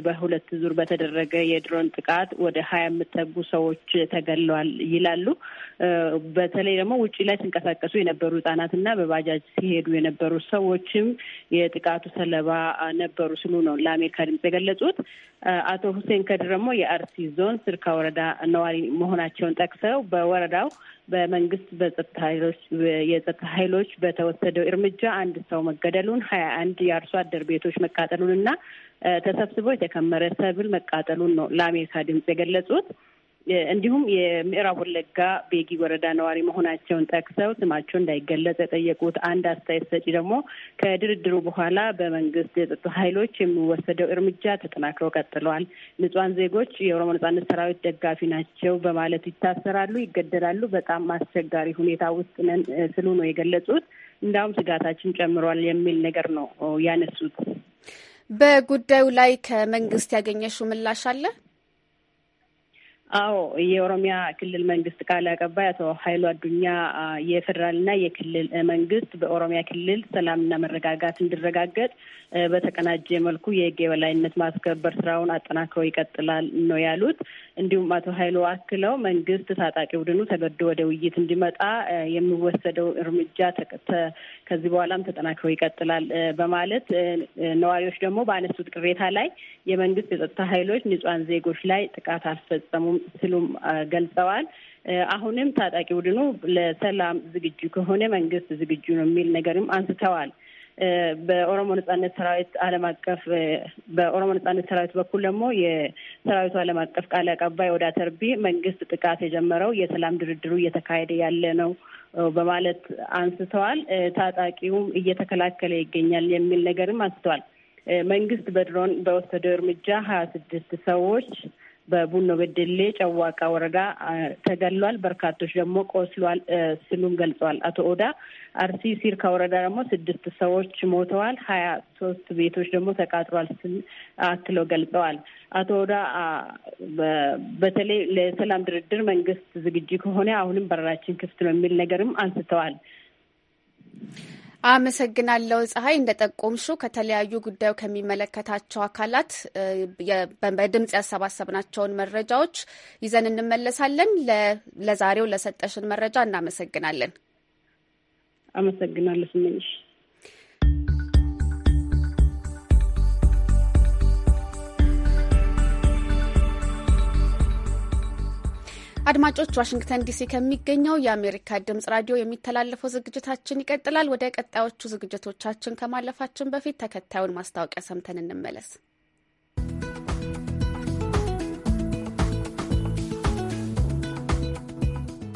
በሁለት ዙር በተደረገ የድሮን ጥቃት ወደ ሀያ የምጠጉ ሰዎች ተገለዋል ይላሉ። በተለይ ደግሞ ውጭ ላይ ሲንቀሳቀሱ የነበሩ ህጻናትና በባጃጅ ሲሄዱ የነበሩ ሰዎችም የጥቃቱ ሰለባ ነበሩ ሲሉ ነው ለአሜሪካ ድምጽ የገለጹት። አቶ ሁሴን ከድር ደግሞ የአርሲ ዞን ስርካ ወረዳ ነዋሪ መሆናቸውን ጠቅሰው በወረዳው በመንግስት በጸጥታ ኃይሎች የጸጥታ ኃይሎች በተወሰደው እርምጃ አንድ ሰው መገደሉን፣ ሀያ አንድ የአርሶ አደር ቤቶች መቃጠሉን እና ተሰብስቦ የተከመረ ሰብል መቃጠሉን ነው ለአሜሪካ ድምጽ የገለጹት። እንዲሁም የምዕራብ ወለጋ ቤጊ ወረዳ ነዋሪ መሆናቸውን ጠቅሰው ስማቸው እንዳይገለጽ የጠየቁት አንድ አስተያየት ሰጪ ደግሞ ከድርድሩ በኋላ በመንግስት የጸጥታ ኃይሎች የሚወሰደው እርምጃ ተጠናክሮ ቀጥለዋል። ንጹሐን ዜጎች የኦሮሞ ነጻነት ሰራዊት ደጋፊ ናቸው በማለት ይታሰራሉ፣ ይገደላሉ። በጣም አስቸጋሪ ሁኔታ ውስጥ ነን ስሉ ነው የገለጹት። እንዳውም ስጋታችን ጨምሯል የሚል ነገር ነው ያነሱት። በጉዳዩ ላይ ከመንግስት ያገኘሽው ምላሽ አለ? አዎ የኦሮሚያ ክልል መንግስት ቃል አቀባይ አቶ ሀይሉ አዱኛ የፌዴራልና የክልል መንግስት በኦሮሚያ ክልል ሰላምና መረጋጋት እንዲረጋገጥ በተቀናጀ መልኩ የህግ የበላይነት ማስከበር ስራውን አጠናክሮ ይቀጥላል ነው ያሉት። እንዲሁም አቶ ሀይሉ አክለው መንግስት ታጣቂ ቡድኑ ተገዶ ወደ ውይይት እንዲመጣ የሚወሰደው እርምጃ ከዚህ በኋላም ተጠናክሮ ይቀጥላል በማለት ነዋሪዎች ደግሞ በአነሱት ቅሬታ ላይ የመንግስት የጸጥታ ኃይሎች ንጹሐን ዜጎች ላይ ጥቃት አልፈጸሙም ሲሉም ገልጸዋል። አሁንም ታጣቂ ቡድኑ ለሰላም ዝግጁ ከሆነ መንግስት ዝግጁ ነው የሚል ነገርም አንስተዋል። በኦሮሞ ነጻነት ሰራዊት ዓለም አቀፍ በኦሮሞ ነጻነት ሰራዊት በኩል ደግሞ የሰራዊቱ ዓለም አቀፍ ቃል አቀባይ ወደ አተርቢ መንግስት ጥቃት የጀመረው የሰላም ድርድሩ እየተካሄደ ያለ ነው በማለት አንስተዋል። ታጣቂውም እየተከላከለ ይገኛል የሚል ነገርም አንስተዋል። መንግስት በድሮን በወሰደው እርምጃ ሀያ ስድስት ሰዎች በቡኖ በደሌ ጨዋቃ ወረዳ ተገሏል። በርካቶች ደግሞ ቆስሏል ሲሉም ገልጸዋል። አቶ ኦዳ አርሲ ሲርካ ወረዳ ደግሞ ስድስት ሰዎች ሞተዋል፣ ሀያ ሶስት ቤቶች ደግሞ ተቃጥሯል ስል አክሎ ገልጸዋል። አቶ ኦዳ በተለይ ለሰላም ድርድር መንግስት ዝግጁ ከሆነ አሁንም በረራችን ክፍት ነው የሚል ነገርም አንስተዋል። አመሰግናለሁ ፀሐይ። እንደ ጠቆምሹ ከተለያዩ ጉዳዩ ከሚመለከታቸው አካላት በድምፅ ያሰባሰብናቸውን መረጃዎች ይዘን እንመለሳለን። ለዛሬው ለሰጠሽን መረጃ እናመሰግናለን። አመሰግናለሁ ስመኝሽ። አድማጮች፣ ዋሽንግተን ዲሲ ከሚገኘው የአሜሪካ ድምጽ ራዲዮ የሚተላለፈው ዝግጅታችን ይቀጥላል። ወደ ቀጣዮቹ ዝግጅቶቻችን ከማለፋችን በፊት ተከታዩን ማስታወቂያ ሰምተን እንመለስ።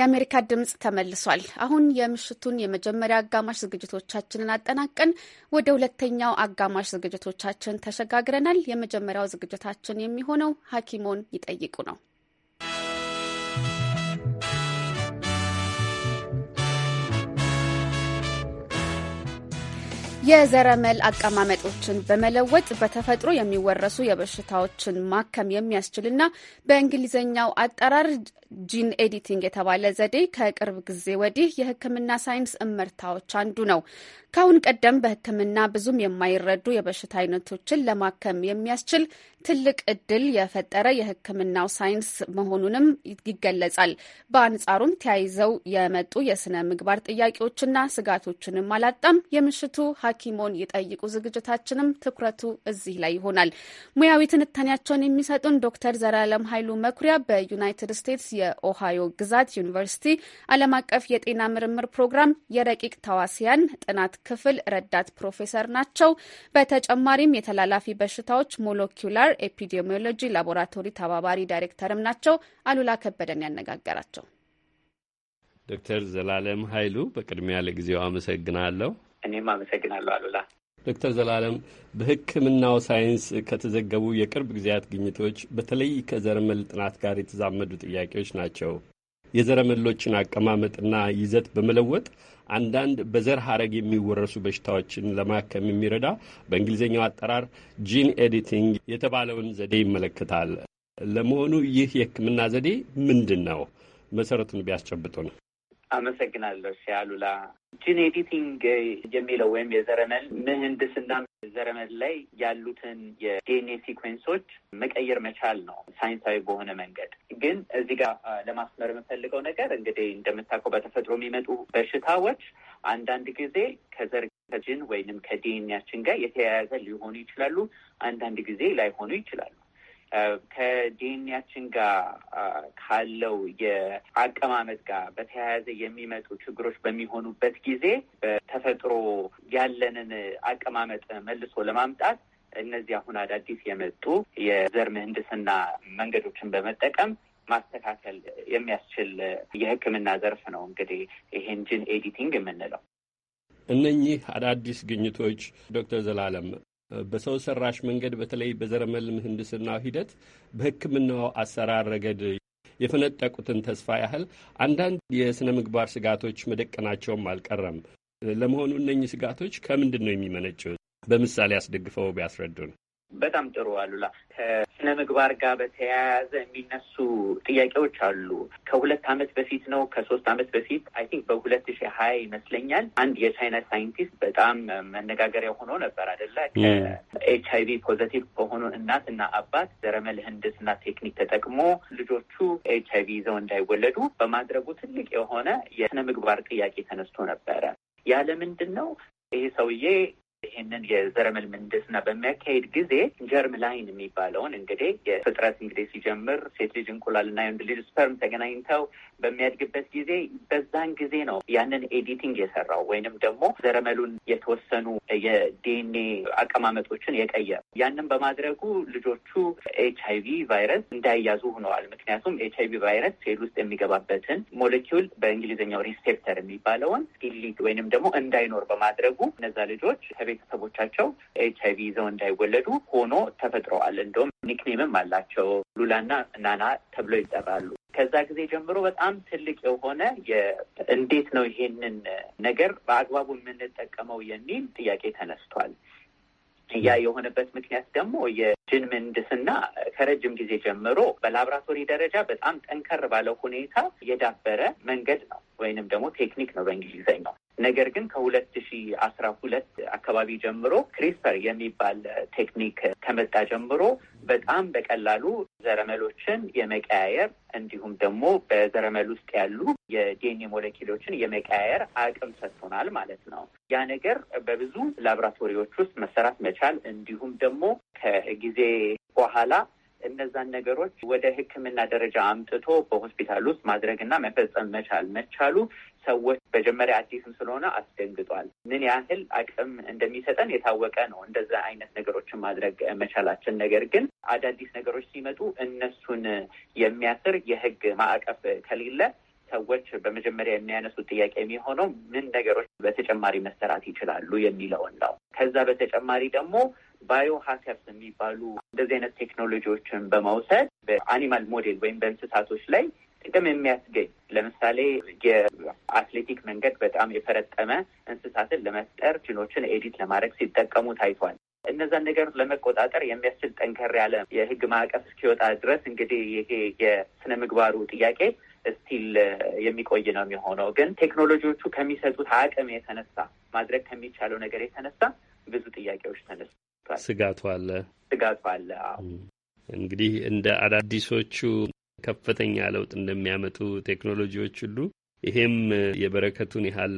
የአሜሪካ ድምጽ ተመልሷል። አሁን የምሽቱን የመጀመሪያ አጋማሽ ዝግጅቶቻችንን አጠናቀን ወደ ሁለተኛው አጋማሽ ዝግጅቶቻችን ተሸጋግረናል። የመጀመሪያው ዝግጅታችን የሚሆነው ሐኪሞን ይጠይቁ ነው። የዘረመል አቀማመጦችን በመለወጥ በተፈጥሮ የሚወረሱ የበሽታዎችን ማከም የሚያስችልና በእንግሊዝኛው አጠራር ጂን ኤዲቲንግ የተባለ ዘዴ ከቅርብ ጊዜ ወዲህ የሕክምና ሳይንስ እምርታዎች አንዱ ነው። ከአሁን ቀደም በሕክምና ብዙም የማይረዱ የበሽታ አይነቶችን ለማከም የሚያስችል ትልቅ እድል የፈጠረ የሕክምናው ሳይንስ መሆኑንም ይገለጻል። በአንጻሩም ተያይዘው የመጡ የስነ ምግባር ጥያቄዎችና ስጋቶችንም አላጣም። የምሽቱ ሐኪሞን ይጠይቁ ዝግጅታችንም ትኩረቱ እዚህ ላይ ይሆናል። ሙያዊ ትንታኔያቸውን የሚሰጡን ዶክተር ዘላለም ኃይሉ መኩሪያ በዩናይትድ ስቴትስ የኦሃዮ ግዛት ዩኒቨርሲቲ ዓለም አቀፍ የጤና ምርምር ፕሮግራም የረቂቅ ተዋሲያን ጥናት ክፍል ረዳት ፕሮፌሰር ናቸው። በተጨማሪም የተላላፊ በሽታዎች ሞለኪላር ኤፒዲሚዮሎጂ ላቦራቶሪ ተባባሪ ዳይሬክተርም ናቸው። አሉላ ከበደን ያነጋገራቸው ዶክተር ዘላለም ኃይሉ በቅድሚያ ለጊዜው አመሰግናለሁ። እኔም አመሰግናለሁ አሉላ። ዶክተር ዘላለም በሕክምናው ሳይንስ ከተዘገቡ የቅርብ ጊዜያት ግኝቶች በተለይ ከዘረመል ጥናት ጋር የተዛመዱ ጥያቄዎች ናቸው። የዘረመሎችን አቀማመጥና ይዘት በመለወጥ አንዳንድ በዘር ሀረግ የሚወረሱ በሽታዎችን ለማከም የሚረዳ በእንግሊዝኛው አጠራር ጂን ኤዲቲንግ የተባለውን ዘዴ ይመለከታል። ለመሆኑ ይህ የሕክምና ዘዴ ምንድን ነው? መሰረቱን ነው። አመሰግናለሁ ሲያሉላ ጂን ኤዲቲንግ የሚለው ወይም የዘረመል ምህንድስና ዘረመል ላይ ያሉትን የዲኤንኤ ሲኩዌንሶች መቀየር መቻል ነው ሳይንሳዊ በሆነ መንገድ። ግን እዚህ ጋር ለማስመር የምፈልገው ነገር እንግዲህ እንደምታውቀው በተፈጥሮ የሚመጡ በሽታዎች አንዳንድ ጊዜ ከዘር ከጅን ወይንም ከዲኤንኤያችን ጋር የተያያዘ ሊሆኑ ይችላሉ። አንዳንድ ጊዜ ላይሆኑ ይችላሉ። Uh, ከዲኤንኤያችን ጋር uh, ካለው የአቀማመጥ ጋር በተያያዘ የሚመጡ ችግሮች በሚሆኑበት ጊዜ በተፈጥሮ ያለንን አቀማመጥ መልሶ ለማምጣት እነዚህ አሁን አዳዲስ የመጡ የዘር ምህንድስና መንገዶችን በመጠቀም ማስተካከል የሚያስችል የሕክምና ዘርፍ ነው። እንግዲህ ይሄን ጂን ኤዲቲንግ የምንለው እነኚህ አዳዲስ ግኝቶች ዶክተር ዘላለም በሰው ሰራሽ መንገድ በተለይ በዘረመል ምህንድስናው ሂደት በሕክምናው አሰራር ረገድ የፈነጠቁትን ተስፋ ያህል አንዳንድ የሥነ ምግባር ስጋቶች መደቀናቸውም አልቀረም። ለመሆኑ እነኚህ ስጋቶች ከምንድን ነው የሚመነጩት? በምሳሌ አስደግፈው ቢያስረዱን። በጣም ጥሩ አሉላ። ከስነ ምግባር ጋር በተያያዘ የሚነሱ ጥያቄዎች አሉ። ከሁለት ዓመት በፊት ነው ከሶስት ዓመት በፊት አይ ቲንክ በሁለት ሺ ሀያ ይመስለኛል አንድ የቻይና ሳይንቲስት በጣም መነጋገሪያ ሆኖ ነበር አደለ? ከኤች አይቪ ፖዘቲቭ ከሆኑ እናት እና አባት ዘረመል ምህንድስና ቴክኒክ ተጠቅሞ ልጆቹ ኤች ቪ ይዘው እንዳይወለዱ በማድረጉ ትልቅ የሆነ የስነ ምግባር ጥያቄ ተነስቶ ነበረ። ያለ ምንድን ነው ይሄ ሰውዬ ይህንን የዘረመል ምንድስና በሚያካሄድ ጊዜ ጀርም ላይን የሚባለውን እንግዲህ የፍጥረት እንግዲህ ሲጀምር ሴት ልጅ እንቁላል እና የወንድ ልጅ ስፐርም ተገናኝተው በሚያድግበት ጊዜ በዛን ጊዜ ነው ያንን ኤዲቲንግ የሰራው ወይንም ደግሞ ዘረመሉን የተወሰኑ የዲኤንኤ አቀማመጦችን የቀየረ። ያንን በማድረጉ ልጆቹ ኤች አይ ቪ ቫይረስ እንዳያዙ ሆነዋል። ምክንያቱም ኤች አይ ቪ ቫይረስ ሴል ውስጥ የሚገባበትን ሞለኪውል በእንግሊዝኛው ሪሴፕተር የሚባለውን ዲሊት ወይንም ደግሞ እንዳይኖር በማድረጉ እነዛ ልጆች ቤተሰቦቻቸው ኤች አይቪ ይዘው እንዳይወለዱ ሆኖ ተፈጥረዋል። እንደውም ኒክኔምም አላቸው ሉላና ናና ተብለው ይጠራሉ። ከዛ ጊዜ ጀምሮ በጣም ትልቅ የሆነ እንዴት ነው ይሄንን ነገር በአግባቡ የምንጠቀመው የሚል ጥያቄ ተነስቷል። ያ የሆነበት ምክንያት ደግሞ የጅን ምህንድስና ከረጅም ጊዜ ጀምሮ በላብራቶሪ ደረጃ በጣም ጠንከር ባለ ሁኔታ የዳበረ መንገድ ነው ወይንም ደግሞ ቴክኒክ ነው በእንግሊዝኛው። ነገር ግን ከሁለት ሺ አስራ ሁለት አካባቢ ጀምሮ ክሪስፐር የሚባል ቴክኒክ ከመጣ ጀምሮ በጣም በቀላሉ ዘረመሎችን የመቀያየር እንዲሁም ደግሞ በዘረመል ውስጥ ያሉ የዲኤንኤ ሞለኪሎችን የመቀያየር አቅም ሰጥቶናል ማለት ነው። ያ ነገር በብዙ ላብራቶሪዎች ውስጥ መሰራት መቻል እንዲሁም ደግሞ ከጊዜ በኋላ እነዛን ነገሮች ወደ ሕክምና ደረጃ አምጥቶ በሆስፒታል ውስጥ ማድረግና መፈጸም መቻል መቻሉ ሰዎች መጀመሪያ አዲስም ስለሆነ አስደንግጧል። ምን ያህል አቅም እንደሚሰጠን የታወቀ ነው እንደዛ አይነት ነገሮችን ማድረግ መቻላችን። ነገር ግን አዳዲስ ነገሮች ሲመጡ እነሱን የሚያስር የህግ ማዕቀፍ ከሌለ ሰዎች በመጀመሪያ የሚያነሱት ጥያቄ የሚሆነው ምን ነገሮች በተጨማሪ መሰራት ይችላሉ የሚለውን ነው። ከዛ በተጨማሪ ደግሞ ባዮ ሀከርስ የሚባሉ እንደዚህ አይነት ቴክኖሎጂዎችን በመውሰድ በአኒማል ሞዴል ወይም በእንስሳቶች ላይ ጥቅም የሚያስገኝ ለምሳሌ የአትሌቲክ መንገድ በጣም የፈረጠመ እንስሳትን ለመፍጠር ጅኖችን ኤዲት ለማድረግ ሲጠቀሙ ታይቷል። እነዛን ነገር ለመቆጣጠር የሚያስችል ጠንከር ያለ የሕግ ማዕቀፍ እስኪወጣ ድረስ እንግዲህ ይሄ የስነ ምግባሩ ጥያቄ ስቲል የሚቆይ ነው የሚሆነው። ግን ቴክኖሎጂዎቹ ከሚሰጡት አቅም የተነሳ ማድረግ ከሚቻለው ነገር የተነሳ ብዙ ጥያቄዎች ተነስቷል። ስጋቱ አለ፣ ስጋቱ አለ። እንግዲህ እንደ አዳዲሶቹ ከፍተኛ ለውጥ እንደሚያመጡ ቴክኖሎጂዎች ሁሉ ይሄም የበረከቱን ያህል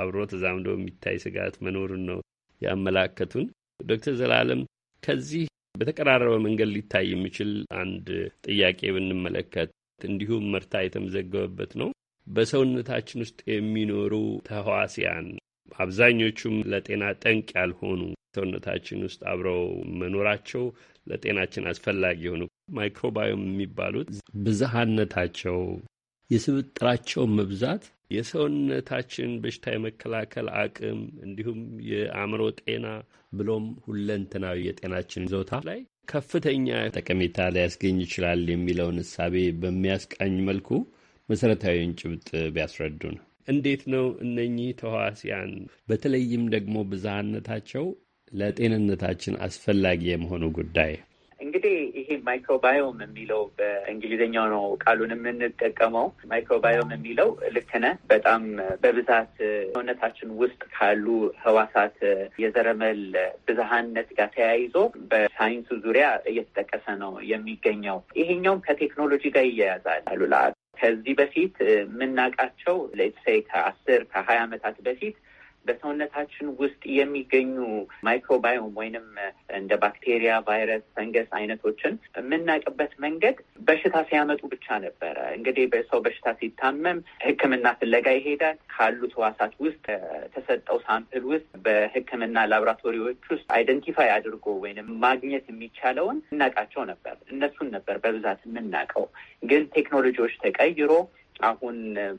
አብሮ ተዛምዶ የሚታይ ስጋት መኖሩን ነው ያመላከቱን። ዶክተር ዘላለም ከዚህ በተቀራረበ መንገድ ሊታይ የሚችል አንድ ጥያቄ ብንመለከት እንዲሁም መርታ የተመዘገበበት ነው። በሰውነታችን ውስጥ የሚኖሩ ተህዋሲያን አብዛኞቹም ለጤና ጠንቅ ያልሆኑ ሰውነታችን ውስጥ አብረው መኖራቸው ለጤናችን አስፈላጊ የሆኑ ማይክሮባዮም የሚባሉት ብዝሃነታቸው የስብጥራቸው መብዛት የሰውነታችን በሽታ የመከላከል አቅም እንዲሁም የአእምሮ ጤና ብሎም ሁለንተናዊ የጤናችን ይዞታ ላይ ከፍተኛ ጠቀሜታ ሊያስገኝ ይችላል የሚለውን እሳቤ በሚያስቃኝ መልኩ መሰረታዊን ጭብጥ ቢያስረዱን። እንዴት ነው እነኚህ ተዋሲያን በተለይም ደግሞ ብዝሃነታቸው ለጤንነታችን አስፈላጊ የመሆኑ ጉዳይ እንግዲህ ይሄ ማይክሮባዮም የሚለው በእንግሊዝኛው ነው ቃሉን የምንጠቀመው። ማይክሮባዮም የሚለው ልክ ነህ፣ በጣም በብዛት ሰውነታችን ውስጥ ካሉ ህዋሳት የዘረመል ብዝሃነት ጋር ተያይዞ በሳይንሱ ዙሪያ እየተጠቀሰ ነው የሚገኘው። ይሄኛውም ከቴክኖሎጂ ጋር ይያያዛል አሉላ ከዚህ በፊት የምናውቃቸው ለሴ ከአስር ከሀያ ዓመታት በፊት በሰውነታችን ውስጥ የሚገኙ ማይክሮባዮም ወይንም እንደ ባክቴሪያ፣ ቫይረስ፣ ፈንገስ አይነቶችን የምናውቅበት መንገድ በሽታ ሲያመጡ ብቻ ነበረ። እንግዲህ በሰው በሽታ ሲታመም ሕክምና ፍለጋ ይሄዳል። ካሉት ህዋሳት ውስጥ ተሰጠው ሳምፕል ውስጥ በሕክምና ላብራቶሪዎች ውስጥ አይደንቲፋይ አድርጎ ወይንም ማግኘት የሚቻለውን እናውቃቸው ነበር። እነሱን ነበር በብዛት የምናውቀው። ግን ቴክኖሎጂዎች ተቀይሮ አሁን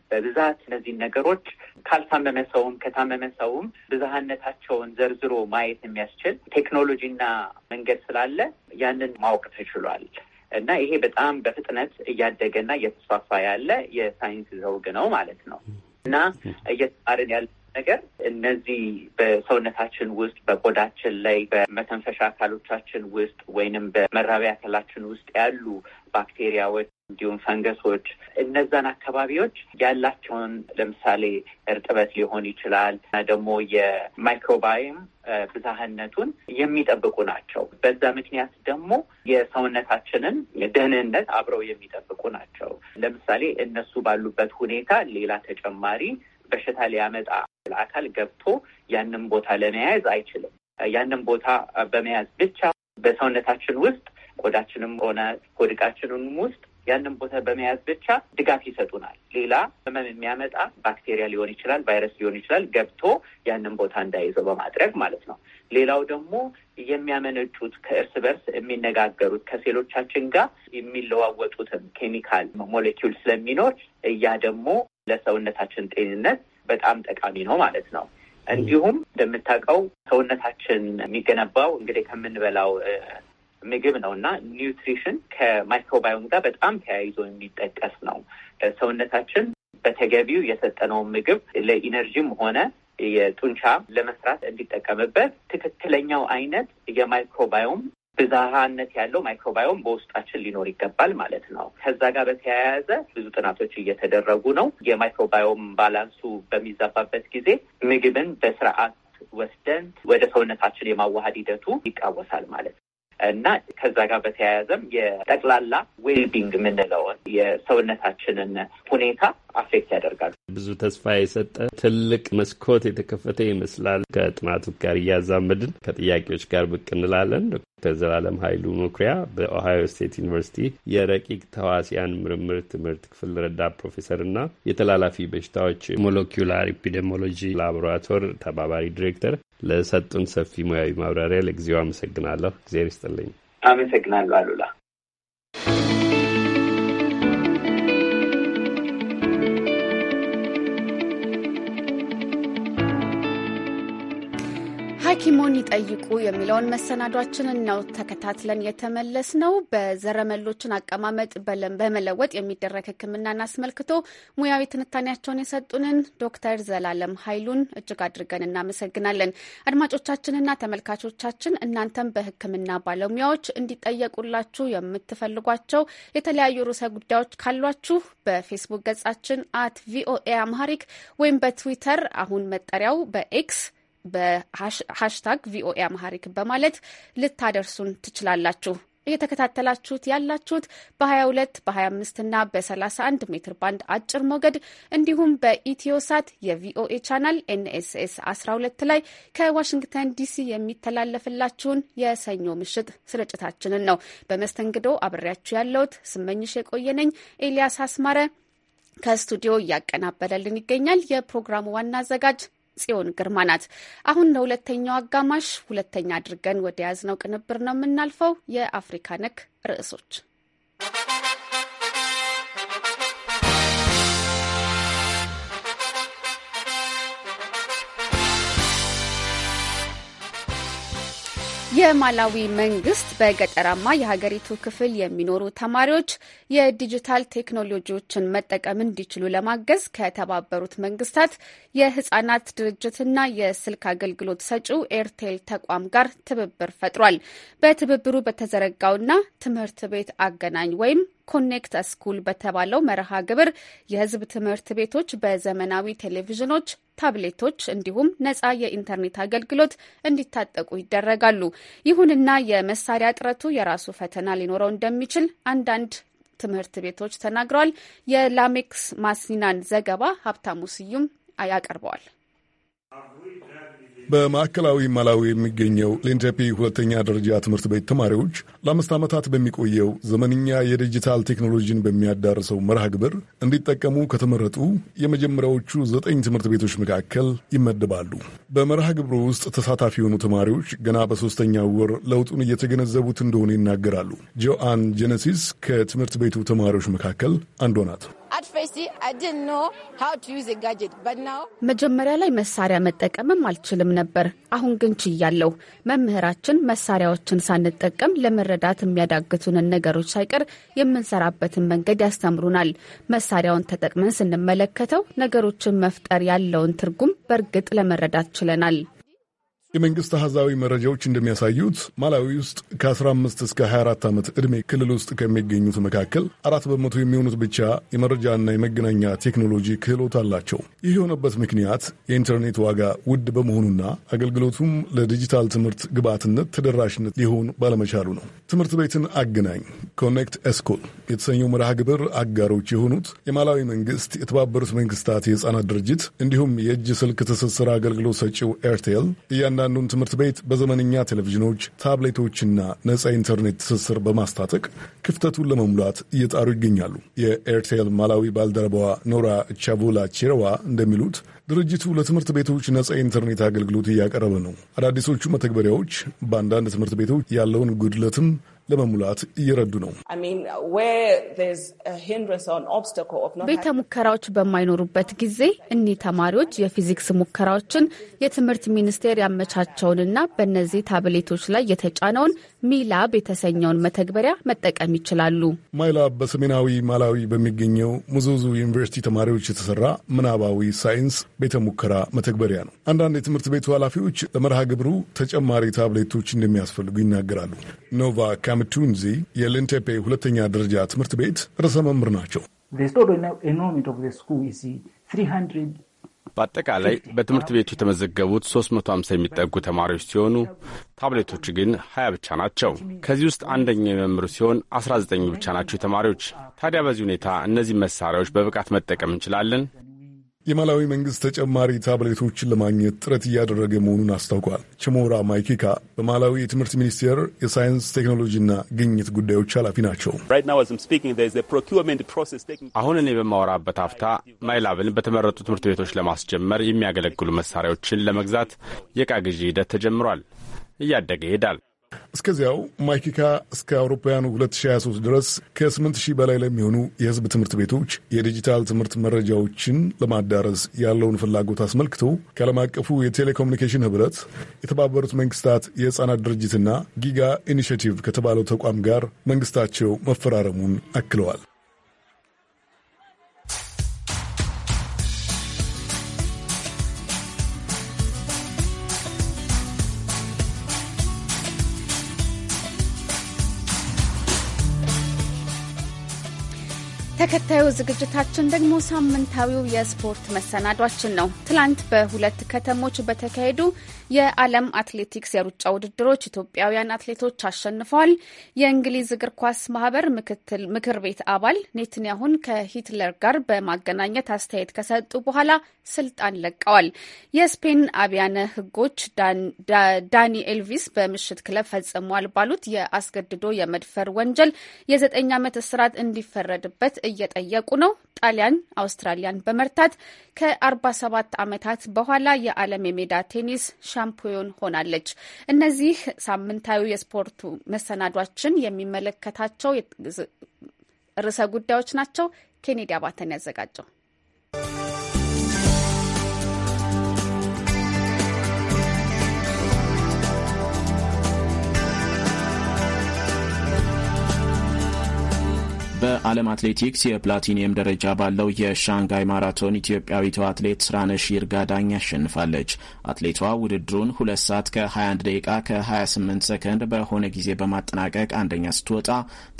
በብዛት እነዚህን ነገሮች ካልታመመ ሰውም ከታመመ ሰውም ብዝሃነታቸውን ዘርዝሮ ማየት የሚያስችል ቴክኖሎጂና መንገድ ስላለ ያንን ማወቅ ተችሏል። እና ይሄ በጣም በፍጥነት እያደገና እየተስፋፋ ያለ የሳይንስ ዘውግ ነው ማለት ነው። እና እየተማርን ያለ ነገር እነዚህ በሰውነታችን ውስጥ በቆዳችን ላይ በመተንፈሻ አካሎቻችን ውስጥ ወይንም በመራቢያ አካላችን ውስጥ ያሉ ባክቴሪያዎች እንዲሁም ፈንገሶች እነዛን አካባቢዎች ያላቸውን ለምሳሌ እርጥበት ሊሆን ይችላል እና ደግሞ የማይክሮባይም ብዛህነቱን የሚጠብቁ ናቸው። በዛ ምክንያት ደግሞ የሰውነታችንን ደህንነት አብረው የሚጠብቁ ናቸው። ለምሳሌ እነሱ ባሉበት ሁኔታ ሌላ ተጨማሪ በሽታ ሊያመጣ አካል ገብቶ ያንን ቦታ ለመያዝ አይችልም። ያንን ቦታ በመያዝ ብቻ በሰውነታችን ውስጥ ቆዳችንም ሆነ ሆድቃችንም ውስጥ ያንን ቦታ በመያዝ ብቻ ድጋፍ ይሰጡናል። ሌላ ህመም የሚያመጣ ባክቴሪያ ሊሆን ይችላል፣ ቫይረስ ሊሆን ይችላል ገብቶ ያንን ቦታ እንዳይዘው በማድረግ ማለት ነው። ሌላው ደግሞ የሚያመነጩት ከእርስ በርስ የሚነጋገሩት ከሴሎቻችን ጋር የሚለዋወጡትም ኬሚካል ሞሌኪውል ስለሚኖር እያ ደግሞ ለሰውነታችን ጤንነት በጣም ጠቃሚ ነው ማለት ነው። እንዲሁም እንደምታውቀው ሰውነታችን የሚገነባው እንግዲህ ከምንበላው ምግብ ነው እና ኒውትሪሽን ከማይክሮባዮም ጋር በጣም ተያይዞ የሚጠቀስ ነው። ሰውነታችን በተገቢው የሰጠነውን ምግብ ለኢነርጂም ሆነ የጡንቻ ለመስራት እንዲጠቀምበት ትክክለኛው አይነት የማይክሮባዮም ብዝሃነት ያለው ማይክሮባዮም በውስጣችን ሊኖር ይገባል ማለት ነው። ከዛ ጋር በተያያዘ ብዙ ጥናቶች እየተደረጉ ነው። የማይክሮባዮም ባላንሱ በሚዛባበት ጊዜ ምግብን በስርዓት ወስደን ወደ ሰውነታችን የማዋሃድ ሂደቱ ይቃወሳል ማለት ነው። እና ከዛ ጋር በተያያዘም የጠቅላላ ዌልቢንግ የምንለውን የሰውነታችንን ሁኔታ አፌክት ያደርጋል ብዙ ተስፋ የሰጠ ትልቅ መስኮት የተከፈተ ይመስላል። ከጥናቱ ጋር እያዛመድን ከጥያቄዎች ጋር ብቅ እንላለን። ዶክተር ዘላለም ኃይሉ መኩሪያ በኦሃዮ ስቴት ዩኒቨርሲቲ የረቂቅ ተዋሲያን ምርምር ትምህርት ክፍል ረዳት ፕሮፌሰር እና የተላላፊ በሽታዎች ሞለኪላር ኢፒዴሞሎጂ ላቦራቶር ተባባሪ ዲሬክተር ለሰጡን ሰፊ ሙያዊ ማብራሪያ ለጊዜው አመሰግናለሁ። እግዚአብሔር ይስጥልኝ። አመሰግናለሁ እግዜር ይስጥልኝ አመሰግናለሁ አሉላ ሐኪሙን ይጠይቁ የሚለውን መሰናዷችንን ነው ተከታትለን የተመለስ ነው። በዘረመሎችን አቀማመጥ በመለወጥ የሚደረግ ሕክምናን አስመልክቶ ሙያዊ ትንታኔያቸውን የሰጡንን ዶክተር ዘላለም ኃይሉን እጅግ አድርገን እናመሰግናለን። አድማጮቻችንና ተመልካቾቻችን እናንተም በሕክምና ባለሙያዎች እንዲጠየቁላችሁ የምትፈልጓቸው የተለያዩ ርዕሰ ጉዳዮች ካሏችሁ በፌስቡክ ገጻችን አት ቪኦኤ አምሃሪክ ወይም በትዊተር አሁን መጠሪያው በኤክስ በሃሽታግ ቪኦኤ አምሃሪክ በማለት ልታደርሱን ትችላላችሁ። እየተከታተላችሁት ያላችሁት በ22 በ25 እና በ31 ሜትር ባንድ አጭር ሞገድ እንዲሁም በኢትዮሳት የቪኦኤ ቻናል ኤንኤስኤስ 12 ላይ ከዋሽንግተን ዲሲ የሚተላለፍላችሁን የሰኞ ምሽት ስርጭታችንን ነው። በመስተንግዶ አብሬያችሁ ያለሁት ስመኝሽ የቆየነኝ። ኤልያስ አስማረ ከስቱዲዮ እያቀናበረልን ይገኛል። የፕሮግራሙ ዋና አዘጋጅ ጽዮን ግርማ ናት። አሁን ለሁለተኛው አጋማሽ ሁለተኛ አድርገን ወደ ያዝነው ቅንብር ነው የምናልፈው። የአፍሪካ ነክ ርዕሶች የማላዊ መንግስት በገጠራማ የሀገሪቱ ክፍል የሚኖሩ ተማሪዎች የዲጂታል ቴክኖሎጂዎችን መጠቀም እንዲችሉ ለማገዝ ከተባበሩት መንግስታት የህጻናት ድርጅትና የስልክ አገልግሎት ሰጪው ኤርቴል ተቋም ጋር ትብብር ፈጥሯል። በትብብሩ በተዘረጋውና ትምህርት ቤት አገናኝ ወይም ኮኔክት ስኩል በተባለው መርሃ ግብር የህዝብ ትምህርት ቤቶች በዘመናዊ ቴሌቪዥኖች ታብሌቶች እንዲሁም ነጻ የኢንተርኔት አገልግሎት እንዲታጠቁ ይደረጋሉ። ይሁንና የመሳሪያ እጥረቱ የራሱ ፈተና ሊኖረው እንደሚችል አንዳንድ ትምህርት ቤቶች ተናግረዋል። የላሜክስ ማሲናን ዘገባ ሀብታሙ ስዩም ያቀርበዋል። በማዕከላዊ ማላዊ የሚገኘው ሌንቴፒ ሁለተኛ ደረጃ ትምህርት ቤት ተማሪዎች ለአምስት ዓመታት በሚቆየው ዘመንኛ የዲጂታል ቴክኖሎጂን በሚያዳርሰው መርሃ ግብር እንዲጠቀሙ ከተመረጡ የመጀመሪያዎቹ ዘጠኝ ትምህርት ቤቶች መካከል ይመደባሉ። በመርሃ ግብሩ ውስጥ ተሳታፊ የሆኑ ተማሪዎች ገና በሦስተኛ ወር ለውጡን እየተገነዘቡት እንደሆነ ይናገራሉ። ጆአን ጄኔሲስ ከትምህርት ቤቱ ተማሪዎች መካከል አንዷ ናት። መጀመሪያ ላይ መሳሪያ መጠቀምም አልችልም ነበር። አሁን ግን ችያለሁ። መምህራችን መሳሪያዎችን ሳንጠቀም ለመረዳት የሚያዳግቱንን ነገሮች ሳይቀር የምንሰራበትን መንገድ ያስተምሩናል። መሳሪያውን ተጠቅመን ስንመለከተው ነገሮችን መፍጠር ያለውን ትርጉም በእርግጥ ለመረዳት ችለናል። የመንግስት አሃዛዊ መረጃዎች እንደሚያሳዩት ማላዊ ውስጥ ከ15 እስከ 24 ዓመት ዕድሜ ክልል ውስጥ ከሚገኙት መካከል አራት በመቶ የሚሆኑት ብቻ የመረጃና የመገናኛ ቴክኖሎጂ ክህሎት አላቸው። ይህ የሆነበት ምክንያት የኢንተርኔት ዋጋ ውድ በመሆኑና አገልግሎቱም ለዲጂታል ትምህርት ግብዓትነት ተደራሽነት ሊሆን ባለመቻሉ ነው። ትምህርት ቤትን አገናኝ ኮኔክት ኤስኮል የተሰኘው መርሃ ግብር አጋሮች የሆኑት የማላዊ መንግስት፣ የተባበሩት መንግስታት የህፃናት ድርጅት እንዲሁም የእጅ ስልክ ትስስር አገልግሎት ሰጪው ኤርቴል እያና እያንዳንዱን ትምህርት ቤት በዘመነኛ ቴሌቪዥኖች፣ ታብሌቶችና ነፃ ኢንተርኔት ትስስር በማስታጠቅ ክፍተቱን ለመሙላት እየጣሩ ይገኛሉ። የኤርቴል ማላዊ ባልደረባዋ ኖራ ቻቮላ ቺረዋ እንደሚሉት ድርጅቱ ለትምህርት ቤቶች ነጻ የኢንተርኔት አገልግሎት እያቀረበ ነው። አዳዲሶቹ መተግበሪያዎች በአንዳንድ ትምህርት ቤቶች ያለውን ጉድለትም ለመሙላት እየረዱ ነው። ቤተ ሙከራዎች በማይኖሩበት ጊዜ እኒህ ተማሪዎች የፊዚክስ ሙከራዎችን የትምህርት ሚኒስቴር ያመቻቸውንና በእነዚህ ታብሌቶች ላይ የተጫነውን ሚላብ የተሰኘውን መተግበሪያ መጠቀም ይችላሉ። ማይላብ በሰሜናዊ ማላዊ በሚገኘው ሙዙዙ ዩኒቨርሲቲ ተማሪዎች የተሰራ ምናባዊ ሳይንስ ቤተ ሙከራ መተግበሪያ ነው። አንዳንድ የትምህርት ቤቱ ኃላፊዎች ለመርሃ ግብሩ ተጨማሪ ታብሌቶች እንደሚያስፈልጉ ይናገራሉ። ኖቫ ምቱንዚ የሌንቴፔ ሁለተኛ ደረጃ ትምህርት ቤት ርዕሰ መምህር ናቸው። በአጠቃላይ በትምህርት ቤቱ የተመዘገቡት 350 የሚጠጉ ተማሪዎች ሲሆኑ ታብሌቶች ግን 20 ብቻ ናቸው። ከዚህ ውስጥ አንደኛው የመምህሩ ሲሆን 19 ብቻ ናቸው የተማሪዎች። ታዲያ በዚህ ሁኔታ እነዚህ መሳሪያዎች በብቃት መጠቀም እንችላለን? የማላዊ መንግስት ተጨማሪ ታብሌቶችን ለማግኘት ጥረት እያደረገ መሆኑን አስታውቋል። ቸሞራ ማይኬካ በማላዊ የትምህርት ሚኒስቴር የሳይንስ ቴክኖሎጂና ግኝት ጉዳዮች ኃላፊ ናቸው። አሁን እኔ በማወራበት አፍታ ማይላብን በተመረጡ ትምህርት ቤቶች ለማስጀመር የሚያገለግሉ መሳሪያዎችን ለመግዛት የዕቃ ግዢ ሂደት ተጀምሯል። እያደገ ይሄዳል። እስከዚያው ማይኪካ እስከ አውሮፓውያኑ 2023 ድረስ ከ8 ሺህ በላይ ለሚሆኑ የህዝብ ትምህርት ቤቶች የዲጂታል ትምህርት መረጃዎችን ለማዳረስ ያለውን ፍላጎት አስመልክቶ ከዓለም አቀፉ የቴሌኮሙኒኬሽን ህብረት የተባበሩት መንግስታት የህፃናት ድርጅትና ጊጋ ኢኒሽቲቭ ከተባለው ተቋም ጋር መንግስታቸው መፈራረሙን አክለዋል። ተከታዩ ዝግጅታችን ደግሞ ሳምንታዊው የስፖርት መሰናዷችን ነው። ትላንት በሁለት ከተሞች በተካሄዱ የዓለም አትሌቲክስ የሩጫ ውድድሮች ኢትዮጵያውያን አትሌቶች አሸንፈዋል። የእንግሊዝ እግር ኳስ ማህበር ምክትል ምክር ቤት አባል ኔትንያሁን ከሂትለር ጋር በማገናኘት አስተያየት ከሰጡ በኋላ ስልጣን ለቀዋል። የስፔን አብያነ ሕጎች ዳኒ ኤልቪስ በምሽት ክለብ ፈጽሟል ባሉት የአስገድዶ የመድፈር ወንጀል የዘጠኝ ዓመት እስራት እንዲፈረድበት እየጠየቁ ነው። ጣሊያን አውስትራሊያን በመርታት ከ47 ዓመታት በኋላ የዓለም የሜዳ ቴኒስ ሻምፒዮን ሆናለች። እነዚህ ሳምንታዊ የስፖርቱ መሰናዷችን የሚመለከታቸው ርዕሰ ጉዳዮች ናቸው። ኬኔዲ አባተን ያዘጋጀው በዓለም አትሌቲክስ የፕላቲኒየም ደረጃ ባለው የሻንጋይ ማራቶን ኢትዮጵያዊቷ አትሌት ስራነሽ ይርጋ ዳኝ አሸንፋለች። አትሌቷ ውድድሩን ሁለት ሰዓት ከ21 ደቂቃ ከ28 ሰከንድ በሆነ ጊዜ በማጠናቀቅ አንደኛ ስትወጣ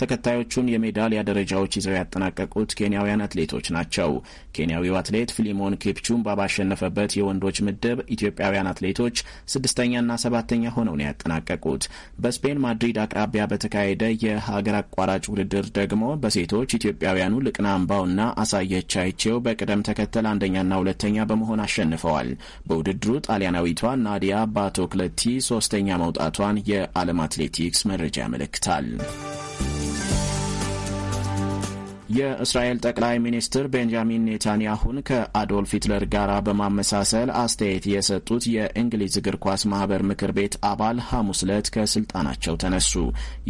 ተከታዮቹን የሜዳሊያ ደረጃዎች ይዘው ያጠናቀቁት ኬንያውያን አትሌቶች ናቸው። ኬንያዊው አትሌት ፊሊሞን ኬፕቹምባ ባሸነፈበት የወንዶች ምድብ ኢትዮጵያውያን አትሌቶች ስድስተኛና ሰባተኛ ሆነው ነው ያጠናቀቁት። በስፔን ማድሪድ አቅራቢያ በተካሄደ የሀገር አቋራጭ ውድድር ደግሞ በ ሴቶች ኢትዮጵያውያኑ ልቅና አምባውና አሳየች አይቼው በቅደም ተከተል አንደኛና ሁለተኛ በመሆን አሸንፈዋል። በውድድሩ ጣሊያናዊቷ ናዲያ ባቶክለቲ ሶስተኛ መውጣቷን የዓለም አትሌቲክስ መረጃ ያመለክታል። የእስራኤል ጠቅላይ ሚኒስትር ቤንጃሚን ኔታንያሁን ከአዶልፍ ሂትለር ጋር በማመሳሰል አስተያየት የሰጡት የእንግሊዝ እግር ኳስ ማህበር ምክር ቤት አባል ሐሙስ ዕለት ከስልጣናቸው ተነሱ።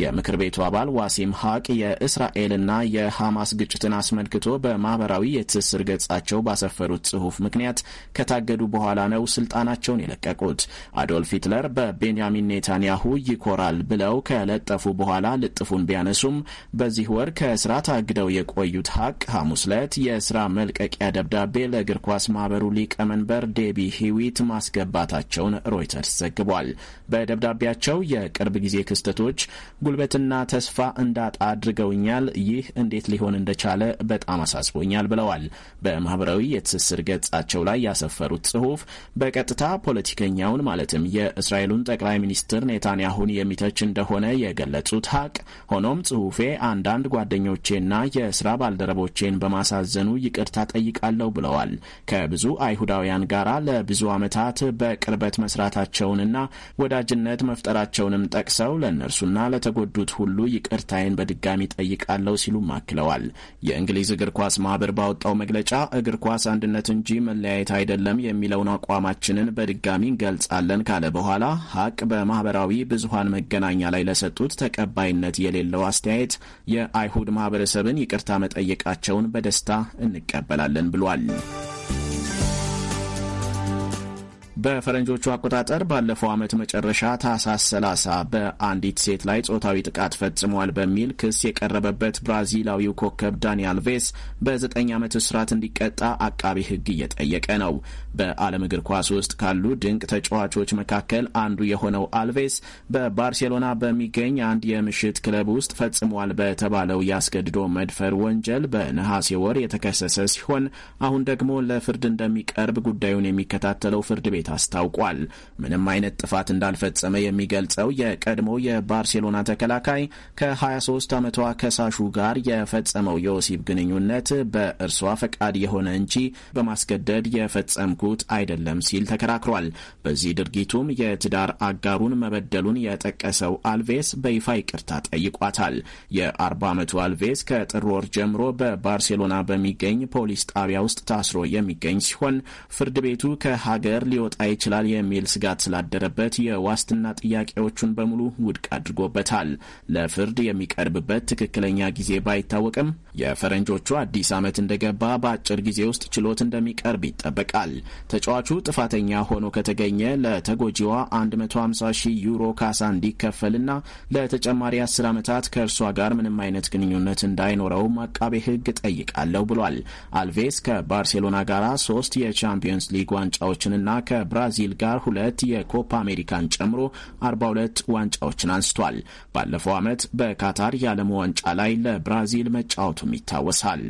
የምክር ቤቱ አባል ዋሲም ሀቅ የእስራኤልና የሐማስ ግጭትን አስመልክቶ በማህበራዊ የትስስር ገጻቸው ባሰፈሩት ጽሑፍ ምክንያት ከታገዱ በኋላ ነው ስልጣናቸውን የለቀቁት። አዶልፍ ሂትለር በቤንያሚን ኔታንያሁ ይኮራል ብለው ከለጠፉ በኋላ ልጥፉን ቢያነሱም በዚህ ወር ከስራ ታግደው የቆዩት ሀቅ ሐሙስ ዕለት የስራ መልቀቂያ ደብዳቤ ለእግር ኳስ ማህበሩ ሊቀመንበር ዴቢ ሂዊት ማስገባታቸውን ሮይተርስ ዘግቧል። በደብዳቤያቸው የቅርብ ጊዜ ክስተቶች ጉልበትና ተስፋ እንዳጣ አድርገውኛል፣ ይህ እንዴት ሊሆን እንደቻለ በጣም አሳስቦኛል ብለዋል። በማህበራዊ የትስስር ገጻቸው ላይ ያሰፈሩት ጽሑፍ በቀጥታ ፖለቲከኛውን ማለትም የእስራኤሉን ጠቅላይ ሚኒስትር ኔታንያሁን የሚተች እንደሆነ የገለጹት ሀቅ ሆኖም ጽሑፌ አንዳንድ ጓደኞቼና የስራ ባልደረቦቼን በማሳዘኑ ይቅርታ ጠይቃለሁ ብለዋል። ከብዙ አይሁዳውያን ጋር ለብዙ ዓመታት በቅርበት መስራታቸውንና ወዳጅነት መፍጠራቸውንም ጠቅሰው ለእነርሱና ለተጎዱት ሁሉ ይቅርታዬን በድጋሚ ጠይቃለሁ ሲሉም አክለዋል። የእንግሊዝ እግር ኳስ ማህበር ባወጣው መግለጫ እግር ኳስ አንድነት እንጂ መለያየት አይደለም የሚለውን አቋማችንን በድጋሚ እንገልጻለን ካለ በኋላ ሀቅ በማህበራዊ ብዙሀን መገናኛ ላይ ለሰጡት ተቀባይነት የሌለው አስተያየት የአይሁድ ማህበረሰብን ይቅርታ ይቅርታ መጠየቃቸውን በደስታ እንቀበላለን ብሏል። በፈረንጆቹ አቆጣጠር ባለፈው ዓመት መጨረሻ ታህሳስ 30 በአንዲት ሴት ላይ ጾታዊ ጥቃት ፈጽሟል በሚል ክስ የቀረበበት ብራዚላዊው ኮከብ ዳኒ አልቬስ በዘጠኝ ዓመት እስራት እንዲቀጣ አቃቢ ሕግ እየጠየቀ ነው። በዓለም እግር ኳስ ውስጥ ካሉ ድንቅ ተጫዋቾች መካከል አንዱ የሆነው አልቬስ በባርሴሎና በሚገኝ አንድ የምሽት ክለብ ውስጥ ፈጽሟል በተባለው ያስገድዶ መድፈር ወንጀል በነሐሴ ወር የተከሰሰ ሲሆን አሁን ደግሞ ለፍርድ እንደሚቀርብ ጉዳዩን የሚከታተለው ፍርድ ቤት ቤት አስታውቋል። ምንም አይነት ጥፋት እንዳልፈጸመ የሚገልጸው የቀድሞ የባርሴሎና ተከላካይ ከ23 ዓመቷ ከሳሹ ጋር የፈጸመው የወሲብ ግንኙነት በእርሷ ፈቃድ የሆነ እንጂ በማስገደድ የፈጸምኩት አይደለም ሲል ተከራክሯል። በዚህ ድርጊቱም የትዳር አጋሩን መበደሉን የጠቀሰው አልቬስ በይፋ ይቅርታ ጠይቋታል። የ40 ዓመቱ አልቬስ ከጥር ወር ጀምሮ በባርሴሎና በሚገኝ ፖሊስ ጣቢያ ውስጥ ታስሮ የሚገኝ ሲሆን ፍርድ ቤቱ ከሀገር ሊወጣ ሊመጣ ይችላል የሚል ስጋት ስላደረበት የዋስትና ጥያቄዎቹን በሙሉ ውድቅ አድርጎበታል። ለፍርድ የሚቀርብበት ትክክለኛ ጊዜ ባይታወቅም የፈረንጆቹ አዲስ ዓመት እንደገባ በአጭር ጊዜ ውስጥ ችሎት እንደሚቀርብ ይጠበቃል። ተጫዋቹ ጥፋተኛ ሆኖ ከተገኘ ለተጎጂዋ 150 ሺህ ዩሮ ካሳ እንዲከፈልና ለተጨማሪ 10 ዓመታት ከእርሷ ጋር ምንም አይነት ግንኙነት እንዳይኖረውም አቃቤ ሕግ ጠይቃለሁ ብሏል። አልቬስ ከባርሴሎና ጋር ሶስት የቻምፒየንስ ሊግ ዋንጫዎችንና ከብራዚል ጋር ሁለት የኮፓ አሜሪካን ጨምሮ 42 ዋንጫዎችን አንስቷል። ባለፈው ዓመት በካታር የዓለም ዋንጫ ላይ ለብራዚል መጫወቱ መውጣቱም ይታወሳል።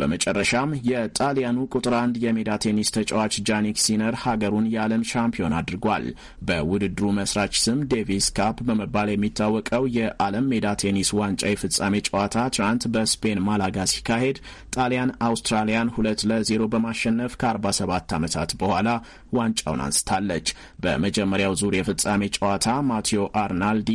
በመጨረሻም የጣሊያኑ ቁጥር አንድ የሜዳ ቴኒስ ተጫዋች ጃኒክ ሲነር ሀገሩን የዓለም ሻምፒዮን አድርጓል። በውድድሩ መስራች ስም ዴቪስ ካፕ በመባል የሚታወቀው የዓለም ሜዳ ቴኒስ ዋንጫ የፍጻሜ ጨዋታ ትናንት በስፔን ማላጋ ሲካሄድ ጣሊያን አውስትራሊያን ሁለት ለዜሮ በማሸነፍ ከ47 ዓመታት በኋላ ዋንጫውን አንስታለች። በመጀመሪያው ዙር የፍጻሜ ጨዋታ ማቴዮ አርናልዲ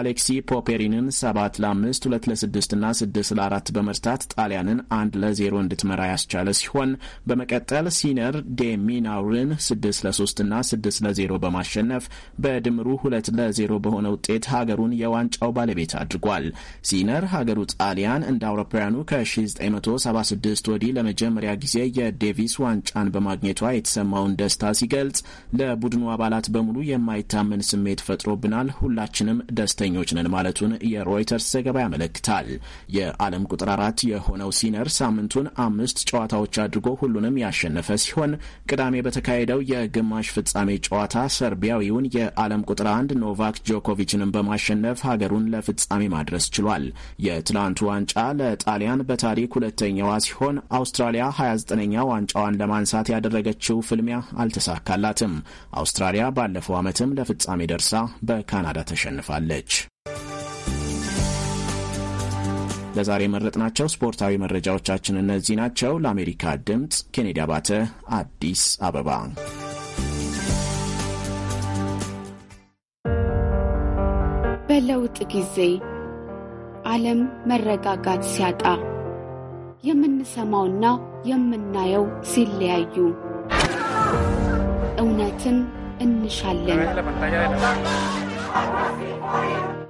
አሌክሲ ፖፔሪንን 7 ለ5፣ 2 ለ6 እና 6 ለ4 በመርታት ጣሊያንን 1 ለ0 ለዜሮ እንድትመራ ያስቻለ ሲሆን በመቀጠል ሲነር ዴሚናውርን ስድስት ለሶስት ና ስድስት ለዜሮ በማሸነፍ በድምሩ ሁለት ለዜሮ በሆነ ውጤት ሀገሩን የዋንጫው ባለቤት አድርጓል። ሲነር ሀገሩ ጣሊያን እንደ አውሮፓውያኑ ከ1976 ወዲህ ለመጀመሪያ ጊዜ የዴቪስ ዋንጫን በማግኘቷ የተሰማውን ደስታ ሲገልጽ ለቡድኑ አባላት በሙሉ የማይታመን ስሜት ፈጥሮብናል፣ ሁላችንም ደስተኞች ነን ማለቱን የሮይተርስ ዘገባ ያመለክታል። የዓለም ቁጥር አራት የሆነው ሲነር ሳምንቱ ሳምንቱን አምስት ጨዋታዎች አድርጎ ሁሉንም ያሸነፈ ሲሆን ቅዳሜ በተካሄደው የግማሽ ፍጻሜ ጨዋታ ሰርቢያዊውን የዓለም ቁጥር አንድ ኖቫክ ጆኮቪችንም በማሸነፍ ሀገሩን ለፍጻሜ ማድረስ ችሏል። የትላንቱ ዋንጫ ለጣሊያን በታሪክ ሁለተኛዋ ሲሆን አውስትራሊያ 29ኛ ዋንጫዋን ለማንሳት ያደረገችው ፍልሚያ አልተሳካላትም። አውስትራሊያ ባለፈው ዓመትም ለፍጻሜ ደርሳ በካናዳ ተሸንፋለች። ለዛሬ የመረጥናቸው ስፖርታዊ መረጃዎቻችን እነዚህ ናቸው። ለአሜሪካ ድምፅ ኬኔዲ አባተ፣ አዲስ አበባ። በለውጥ ጊዜ ዓለም መረጋጋት ሲያጣ የምንሰማውና የምናየው ሲለያዩ እውነትን እንሻለን።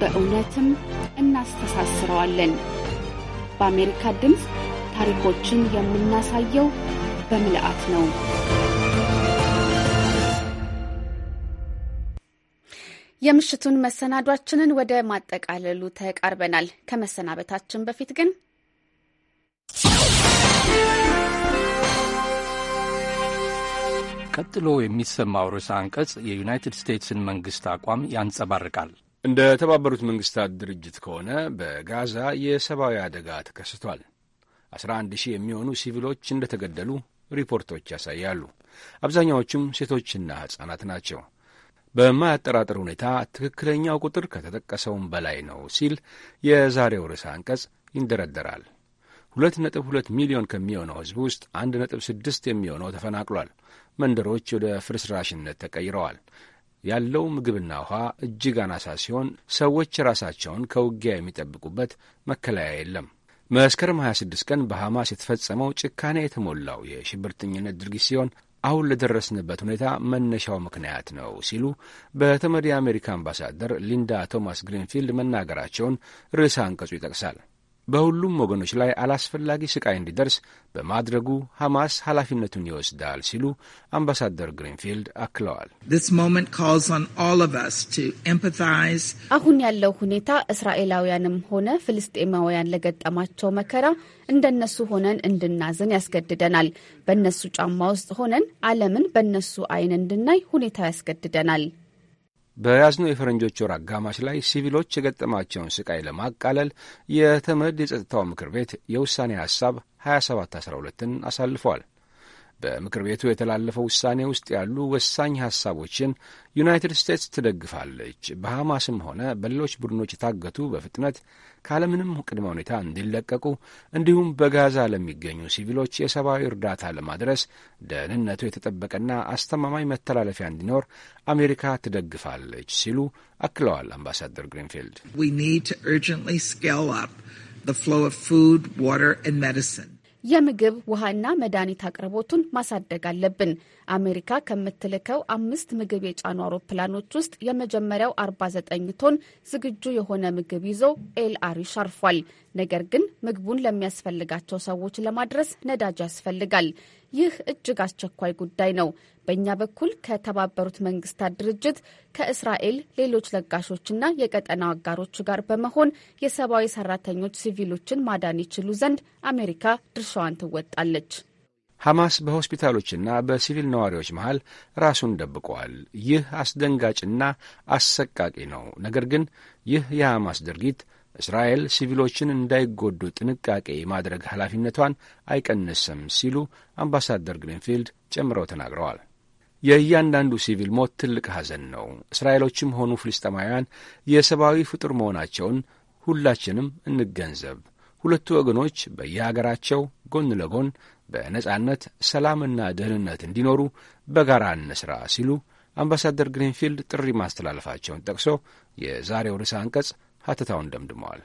በእውነትም እናስተሳስረዋለን። በአሜሪካ ድምፅ ታሪኮችን የምናሳየው በምልአት ነው። የምሽቱን መሰናዷችንን ወደ ማጠቃለሉ ተቃርበናል። ከመሰናበታችን በፊት ግን ቀጥሎ የሚሰማው ርዕሰ አንቀጽ የዩናይትድ ስቴትስን መንግስት አቋም ያንጸባርቃል። እንደ ተባበሩት መንግስታት ድርጅት ከሆነ በጋዛ የሰብአዊ አደጋ ተከስቷል። 11 ሺህ የሚሆኑ ሲቪሎች እንደተገደሉ ሪፖርቶች ያሳያሉ። አብዛኛዎቹም ሴቶችና ሕፃናት ናቸው። በማያጠራጥር ሁኔታ ትክክለኛው ቁጥር ከተጠቀሰውም በላይ ነው ሲል የዛሬው ርዕሰ አንቀጽ ይንደረደራል። 2.2 ሚሊዮን ከሚሆነው ሕዝብ ውስጥ 1.6 የሚሆነው ተፈናቅሏል። መንደሮች ወደ ፍርስራሽነት ተቀይረዋል። ያለው ምግብና ውኃ እጅግ አናሳ ሲሆን ሰዎች ራሳቸውን ከውጊያ የሚጠብቁበት መከለያ የለም። መስከረም 26 ቀን በሐማስ የተፈጸመው ጭካኔ የተሞላው የሽብርተኝነት ድርጊት ሲሆን አሁን ለደረስንበት ሁኔታ መነሻው ምክንያት ነው ሲሉ በተመድ የአሜሪካ አምባሳደር ሊንዳ ቶማስ ግሪንፊልድ መናገራቸውን ርዕሰ አንቀጹ ይጠቅሳል። በሁሉም ወገኖች ላይ አላስፈላጊ ስቃይ እንዲደርስ በማድረጉ ሐማስ ኃላፊነቱን ይወስዳል ሲሉ አምባሳደር ግሪንፊልድ አክለዋል። አሁን ያለው ሁኔታ እስራኤላውያንም ሆነ ፍልስጤማውያን ለገጠማቸው መከራ እንደነሱ ሆነን እንድናዝን ያስገድደናል። በእነሱ ጫማ ውስጥ ሆነን ዓለምን በእነሱ አይን እንድናይ ሁኔታ ያስገድደናል። በያዝነው የፈረንጆች ወር አጋማሽ ላይ ሲቪሎች የገጠማቸውን ስቃይ ለማቃለል የተመድ የጸጥታው ምክር ቤት የውሳኔ ሐሳብ 2712ን አሳልፏል። በምክር ቤቱ የተላለፈው ውሳኔ ውስጥ ያሉ ወሳኝ ሐሳቦችን ዩናይትድ ስቴትስ ትደግፋለች። በሐማስም ሆነ በሌሎች ቡድኖች የታገቱ በፍጥነት ካለምንም ቅድመ ሁኔታ እንዲለቀቁ እንዲሁም በጋዛ ለሚገኙ ሲቪሎች የሰብአዊ እርዳታ ለማድረስ ደህንነቱ የተጠበቀና አስተማማኝ መተላለፊያ እንዲኖር አሜሪካ ትደግፋለች ሲሉ አክለዋል አምባሳደር ግሪንፊልድ። የምግብ ውሃና መድኃኒት አቅርቦቱን ማሳደግ አለብን። አሜሪካ ከምትልከው አምስት ምግብ የጫኑ አውሮፕላኖች ውስጥ የመጀመሪያው 49 ቶን ዝግጁ የሆነ ምግብ ይዞ ኤል አሪሽ አርፏል። ነገር ግን ምግቡን ለሚያስፈልጋቸው ሰዎች ለማድረስ ነዳጅ ያስፈልጋል። ይህ እጅግ አስቸኳይ ጉዳይ ነው። በእኛ በኩል ከተባበሩት መንግስታት ድርጅት ከእስራኤል ሌሎች ለጋሾችና የቀጠናው አጋሮቹ ጋር በመሆን የሰብአዊ ሰራተኞች ሲቪሎችን ማዳን ይችሉ ዘንድ አሜሪካ ድርሻዋን ትወጣለች። ሐማስ በሆስፒታሎችና በሲቪል ነዋሪዎች መሃል ራሱን ደብቋል። ይህ አስደንጋጭና አሰቃቂ ነው። ነገር ግን ይህ የሐማስ ድርጊት እስራኤል ሲቪሎችን እንዳይጎዱ ጥንቃቄ የማድረግ ኃላፊነቷን አይቀንስም ሲሉ አምባሳደር ግሪንፊልድ ጨምረው ተናግረዋል። የእያንዳንዱ ሲቪል ሞት ትልቅ ሐዘን ነው። እስራኤሎችም ሆኑ ፍልስጤማውያን የሰብአዊ ፍጡር መሆናቸውን ሁላችንም እንገንዘብ። ሁለቱ ወገኖች በየሀገራቸው ጎን ለጎን በነጻነት ሰላምና ደህንነት እንዲኖሩ በጋራ እንስራ ሲሉ አምባሳደር ግሪንፊልድ ጥሪ ማስተላለፋቸውን ጠቅሶ የዛሬው ርዕሰ አንቀጽ ሀተታውን ደምድመዋል።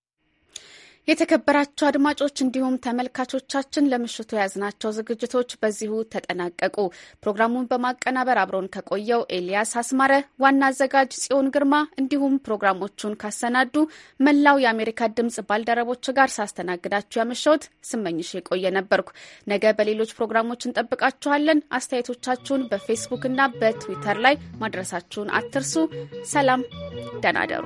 የተከበራቸው አድማጮች እንዲሁም ተመልካቾቻችን ለምሽቱ የያዝናቸው ዝግጅቶች በዚሁ ተጠናቀቁ። ፕሮግራሙን በማቀናበር አብረውን ከቆየው ኤልያስ አስማረ፣ ዋና አዘጋጅ ጽዮን ግርማ እንዲሁም ፕሮግራሞቹን ካሰናዱ መላው የአሜሪካ ድምጽ ባልደረቦች ጋር ሳስተናግዳችሁ ያመሸሁት ስመኝሽ የቆየ ነበርኩ። ነገ በሌሎች ፕሮግራሞች እንጠብቃችኋለን። አስተያየቶቻችሁን በፌስቡክ እና በትዊተር ላይ ማድረሳችሁን አትርሱ። ሰላም፣ ደህና እደሩ።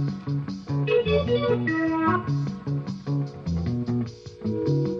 Thank you.